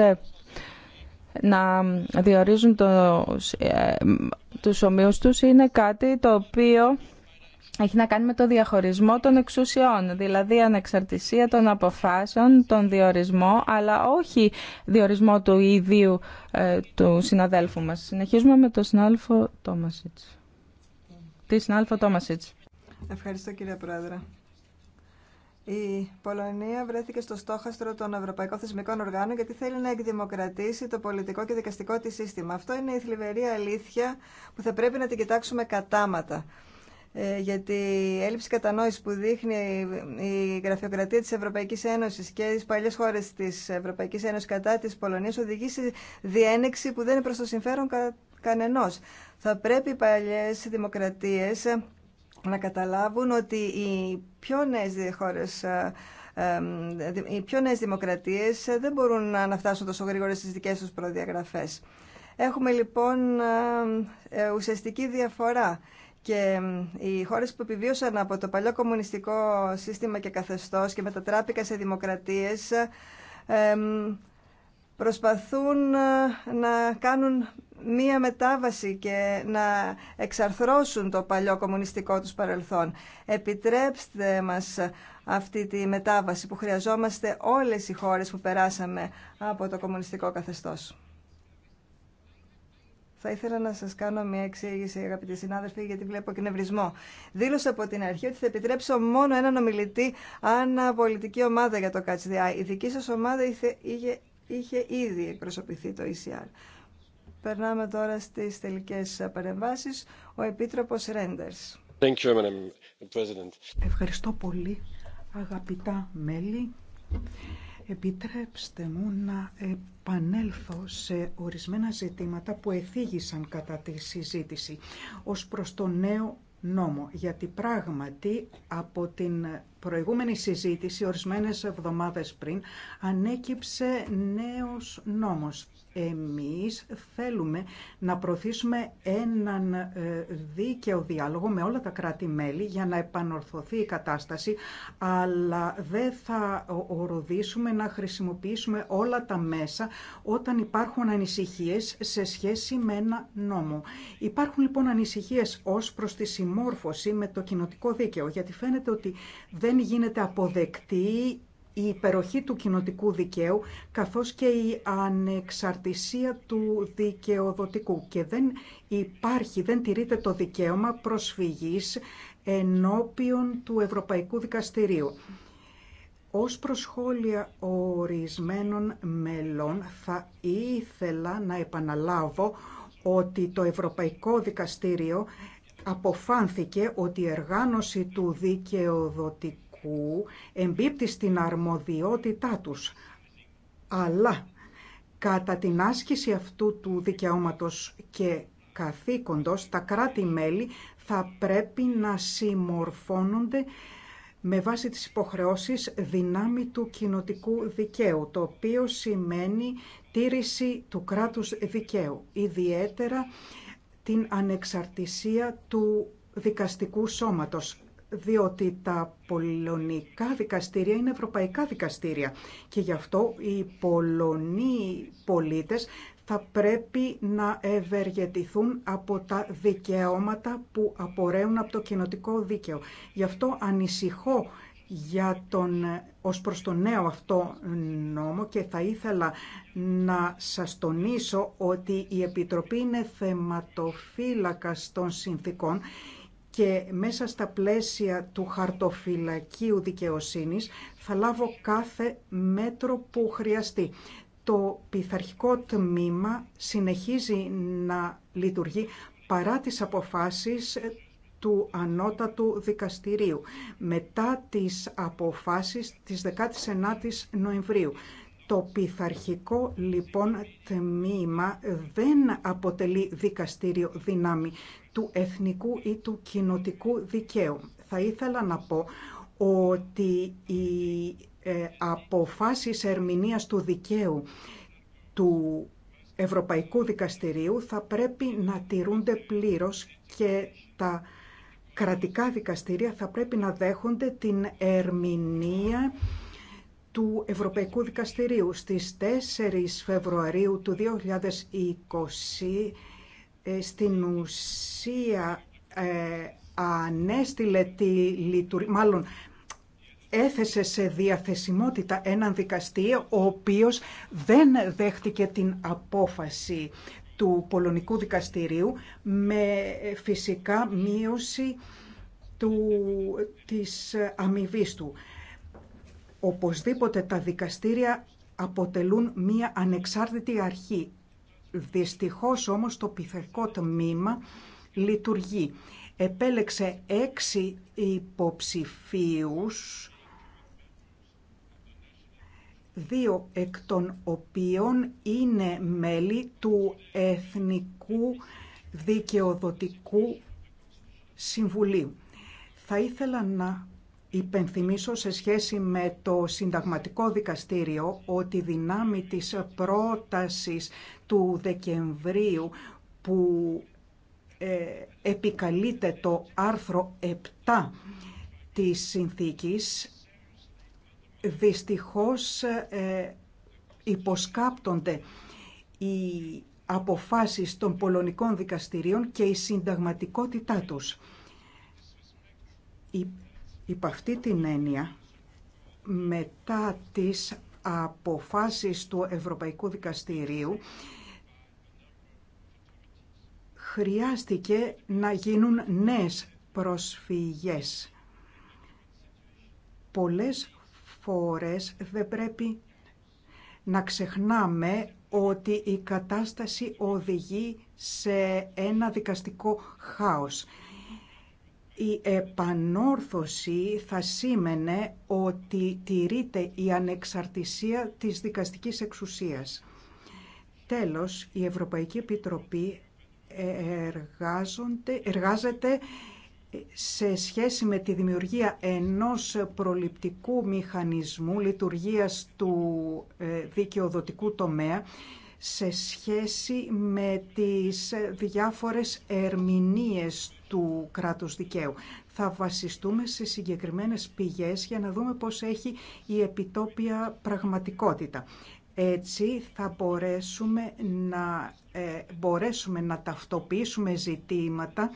να διορίζουν το, τους ομοίους τους είναι κάτι το οποίο έχει να κάνει με το διαχωρισμό των εξουσιών, δηλαδή ανεξαρτησία των αποφάσεων, τον διορισμό, αλλά όχι διορισμό του ιδίου ε, του συναδέλφου μας. Συνεχίζουμε με τον συνάδελφο Τόμασιτς. Τη συνάδελφο Τόμασιτς. Ευχαριστώ κύριε Πρόεδρε. Η Πολωνία βρέθηκε στο στόχαστρο των Ευρωπαϊκών Θεσμικών Οργάνων γιατί θέλει να εκδημοκρατήσει το πολιτικό και δικαστικό τη σύστημα. Αυτό είναι η θλιβερή αλήθεια που θα πρέπει να την κοιτάξουμε κατάματα. Ε, γιατί η έλλειψη κατανόηση που δείχνει η γραφειοκρατία της Ευρωπαϊκής Ένωσης και τις παλιές χώρες της Ευρωπαϊκής Ένωσης κατά της Πολωνίας οδηγεί σε διένεξη που δεν είναι προς το συμφέρον κα, κανενός. Θα πρέπει οι παλιές δημοκρατίες να καταλάβουν ότι οι πιο νέες χώρες ε, ε, οι πιο νέες δημοκρατίες δεν μπορούν να φτάσουν τόσο γρήγορα στις δικές τους προδιαγραφές. Έχουμε λοιπόν ουσιαστική διαφορά και οι χώρες που επιβίωσαν από το παλιό κομμουνιστικό σύστημα και καθεστώς και μετατράπηκαν σε δημοκρατίες ε, προσπαθούν ε, να κάνουν μία μετάβαση και να εξαρθρώσουν το παλιό κομμουνιστικό τους παρελθόν. Επιτρέψτε μας αυτή τη μετάβαση που χρειαζόμαστε όλες οι χώρες που περάσαμε από το κομμουνιστικό καθεστώς. Θα ήθελα να σα κάνω μια εξήγηση, αγαπητοί συνάδελφοι, γιατί βλέπω και νευρισμό. Δήλωσα από την αρχή ότι θα επιτρέψω μόνο έναν ομιλητή ανά πολιτική ομάδα για το Catch Η δική σα ομάδα είχε, είχε, είχε ήδη εκπροσωπηθεί το ECR. Περνάμε τώρα στι τελικέ παρεμβάσει. Ο Επίτροπο Ρέντερ. Ευχαριστώ πολύ, αγαπητά μέλη. Επιτρέψτε μου να επανέλθω σε ορισμένα ζητήματα που εθίγησαν κατά τη συζήτηση ως προς το νέο νόμο, γιατί πράγματι από την προηγούμενη συζήτηση, ορισμένες εβδομάδες πριν, ανέκυψε νέος νόμος. Εμείς θέλουμε να προωθήσουμε έναν ε, δίκαιο διάλογο με όλα τα κράτη-μέλη για να επανορθωθεί η κατάσταση, αλλά δεν θα οροδίσουμε να χρησιμοποιήσουμε όλα τα μέσα όταν υπάρχουν ανησυχίες σε σχέση με ένα νόμο. Υπάρχουν λοιπόν ανησυχίες ως προς τη συμμόρφωση με το κοινοτικό δίκαιο, γιατί φαίνεται ότι δεν γίνεται αποδεκτή η υπεροχή του κοινοτικού δικαίου καθώς και η ανεξαρτησία του δικαιοδοτικού και δεν υπάρχει, δεν τηρείται το δικαίωμα προσφυγής ενώπιον του Ευρωπαϊκού Δικαστηρίου. Ως προσχόλια ορισμένων μελών θα ήθελα να επαναλάβω ότι το Ευρωπαϊκό Δικαστήριο αποφάνθηκε ότι η εργάνωση του δικαιοδοτικού εμπίπτει στην αρμοδιότητά τους, αλλά κατά την άσκηση αυτού του δικαιώματος και καθήκοντος, τα κράτη-μέλη θα πρέπει να συμμορφώνονται με βάση τις υποχρεώσεις δυνάμει του κοινοτικού δικαίου, το οποίο σημαίνει τήρηση του κράτους δικαίου, ιδιαίτερα την ανεξαρτησία του δικαστικού σώματος, διότι τα πολωνικά δικαστήρια είναι ευρωπαϊκά δικαστήρια και γι' αυτό οι πολωνοί πολίτες θα πρέπει να ευεργετηθούν από τα δικαιώματα που απορρέουν από το κοινοτικό δίκαιο. Γι' αυτό ανησυχώ για τον, ως προς τον νέο αυτό νόμο και θα ήθελα να σας τονίσω ότι η Επιτροπή είναι θεματοφύλακας των συνθήκων και μέσα στα πλαίσια του χαρτοφυλακίου δικαιοσύνης θα λάβω κάθε μέτρο που χρειαστεί. Το πειθαρχικό τμήμα συνεχίζει να λειτουργεί παρά τις αποφάσεις του Ανώτατου Δικαστηρίου μετά τις αποφάσεις της 19ης Νοεμβρίου. Το πειθαρχικό λοιπόν τμήμα δεν αποτελεί δικαστήριο δυνάμει του εθνικού ή του κοινοτικού δικαίου. Θα ήθελα να πω ότι οι ε, αποφάσεις ερμηνείας του δικαίου του Ευρωπαϊκού Δικαστηρίου θα πρέπει να τηρούνται πλήρως και τα κρατικά δικαστήρια θα πρέπει να δέχονται την ερμηνεία του Ευρωπαϊκού Δικαστηρίου. Στις 4 Φεβρουαρίου του 2020 ε, στην ουσία ε, ανέστηλε τη λειτουργία, μάλλον έθεσε σε διαθεσιμότητα έναν δικαστή ο οποίος δεν δέχτηκε την απόφαση του Πολωνικού Δικαστηρίου με ε, φυσικά μείωση του, της αμοιβή του. Οπωσδήποτε τα δικαστήρια αποτελούν μία ανεξάρτητη αρχή. Δυστυχώς όμως το πειθαρχικό τμήμα λειτουργεί. Επέλεξε έξι υποψηφίους δύο εκ των οποίων είναι μέλη του Εθνικού Δικαιοδοτικού Συμβουλίου. Θα ήθελα να υπενθυμίσω σε σχέση με το Συνταγματικό Δικαστήριο ότι η δυνάμει της πρότασης του Δεκεμβρίου που ε, επικαλείται το άρθρο 7 της συνθήκης δυστυχώς ε, υποσκάπτονται οι αποφάσεις των πολωνικών δικαστηρίων και η συνταγματικότητά τους. Υπ' αυτή την έννοια, μετά τις αποφάσεις του Ευρωπαϊκού Δικαστηρίου, χρειάστηκε να γίνουν νέες προσφυγές. Πολλές φορές δεν πρέπει να ξεχνάμε ότι η κατάσταση οδηγεί σε ένα δικαστικό χάος. Η επανόρθωση θα σήμαινε ότι τηρείται η ανεξαρτησία της δικαστικής εξουσίας. Τέλος, η Ευρωπαϊκή Επιτροπή ε, εργάζεται σε σχέση με τη δημιουργία ενός προληπτικού μηχανισμού λειτουργίας του ε, δικαιοδοτικού τομέα σε σχέση με τις διάφορες ερμηνείες του κράτους δικαίου. Θα βασιστούμε σε συγκεκριμένες πηγές για να δούμε πώς έχει η επιτόπια πραγματικότητα. Έτσι θα μπορέσουμε να, ε, μπορέσουμε να ταυτοποιήσουμε ζητήματα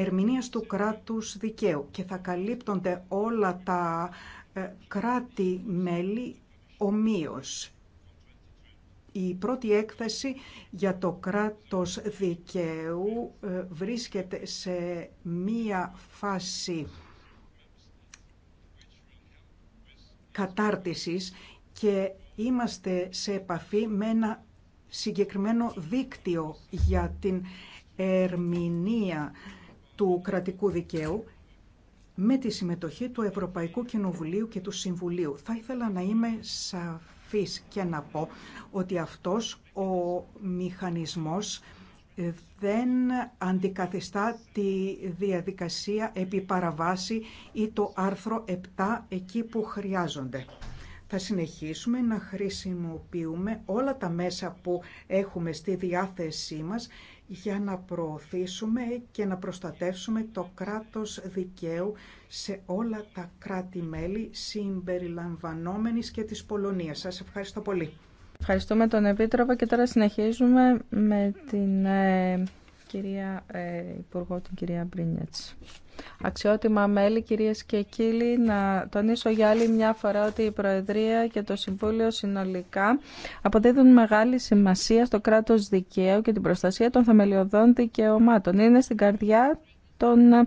ερμηνείας του κράτους δικαίου και θα καλύπτονται όλα τα ε, κράτη-μέλη ομοίως. Η πρώτη έκθεση για το κράτος δικαίου ε, βρίσκεται σε μία φάση κατάρτισης και είμαστε σε επαφή με ένα συγκεκριμένο δίκτυο για την ερμηνεία του κρατικού δικαίου με τη συμμετοχή του Ευρωπαϊκού Κοινοβουλίου και του Συμβουλίου. Θα ήθελα να είμαι σαφής και να πω ότι αυτός ο μηχανισμός ε, δεν αντικαθιστά τη διαδικασία επί παραβάση ή το άρθρο 7 εκεί που χρειάζονται. Θα συνεχίσουμε να χρησιμοποιούμε όλα τα μέσα που έχουμε στη διάθεσή μας για να προωθήσουμε και να προστατεύσουμε το κράτος δικαίου σε όλα τα κράτη-μέλη συμπεριλαμβανόμενης και της Πολωνίας. Σας ευχαριστώ πολύ. Ευχαριστούμε τον Επίτροπο και τώρα συνεχίζουμε με την ε, κυρία ε, Υπουργό, την κυρία Μπρίνιετς. Αξιότιμα μέλη, κυρίες και κύριοι, να τονίσω για άλλη μια φορά ότι η Προεδρία και το Συμβούλιο συνολικά αποδίδουν μεγάλη σημασία στο κράτος δικαίου και την προστασία των θεμελιωδών δικαιωμάτων. Είναι στην καρδιά των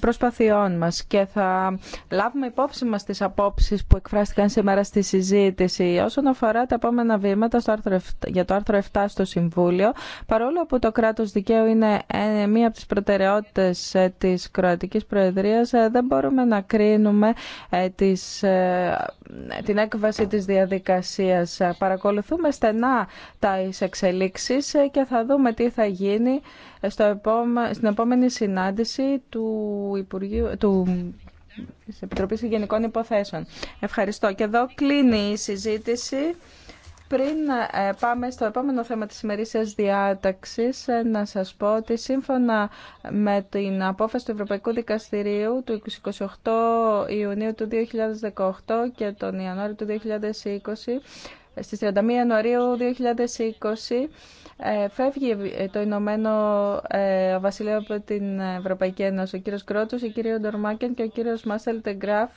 προσπαθειών μας και θα λάβουμε υπόψη μας τις απόψεις που εκφράστηκαν σήμερα στη συζήτηση όσον αφορά τα επόμενα βήματα στο άρθρο για το άρθρο 7 στο Συμβούλιο παρόλο που το κράτος δικαίου είναι ε, μία από τις προτεραιότητες ε, της Κροατικής Προεδρίας ε, δεν μπορούμε να κρίνουμε τις, την έκβαση της διαδικασίας παρακολουθούμε στενά τα εξελίξεις και θα δούμε τι θα γίνει στο στην επόμενη συνάντηση του, Υπουργείου... του της Επιτροπής Γενικών Υποθέσεων. Ευχαριστώ. Και εδώ κλείνει η συζήτηση. Πριν ε, πάμε στο επόμενο θέμα της ημερήσιας διάταξης, ε, να σας πω ότι σύμφωνα με την απόφαση του Ευρωπαϊκού Δικαστηρίου του 28 Ιουνίου του 2018 και τον Ιανουάριο του 2020, στις 31 Ιανουαρίου 2020, ε, φεύγει ε, το Ηνωμένο ε, Βασιλείο από την Ευρωπαϊκή Ένωση. Ο κύριος Κρότσος, η κυρία Ντορμάκεν και ο κύριος Μάσελ Τεγκράφ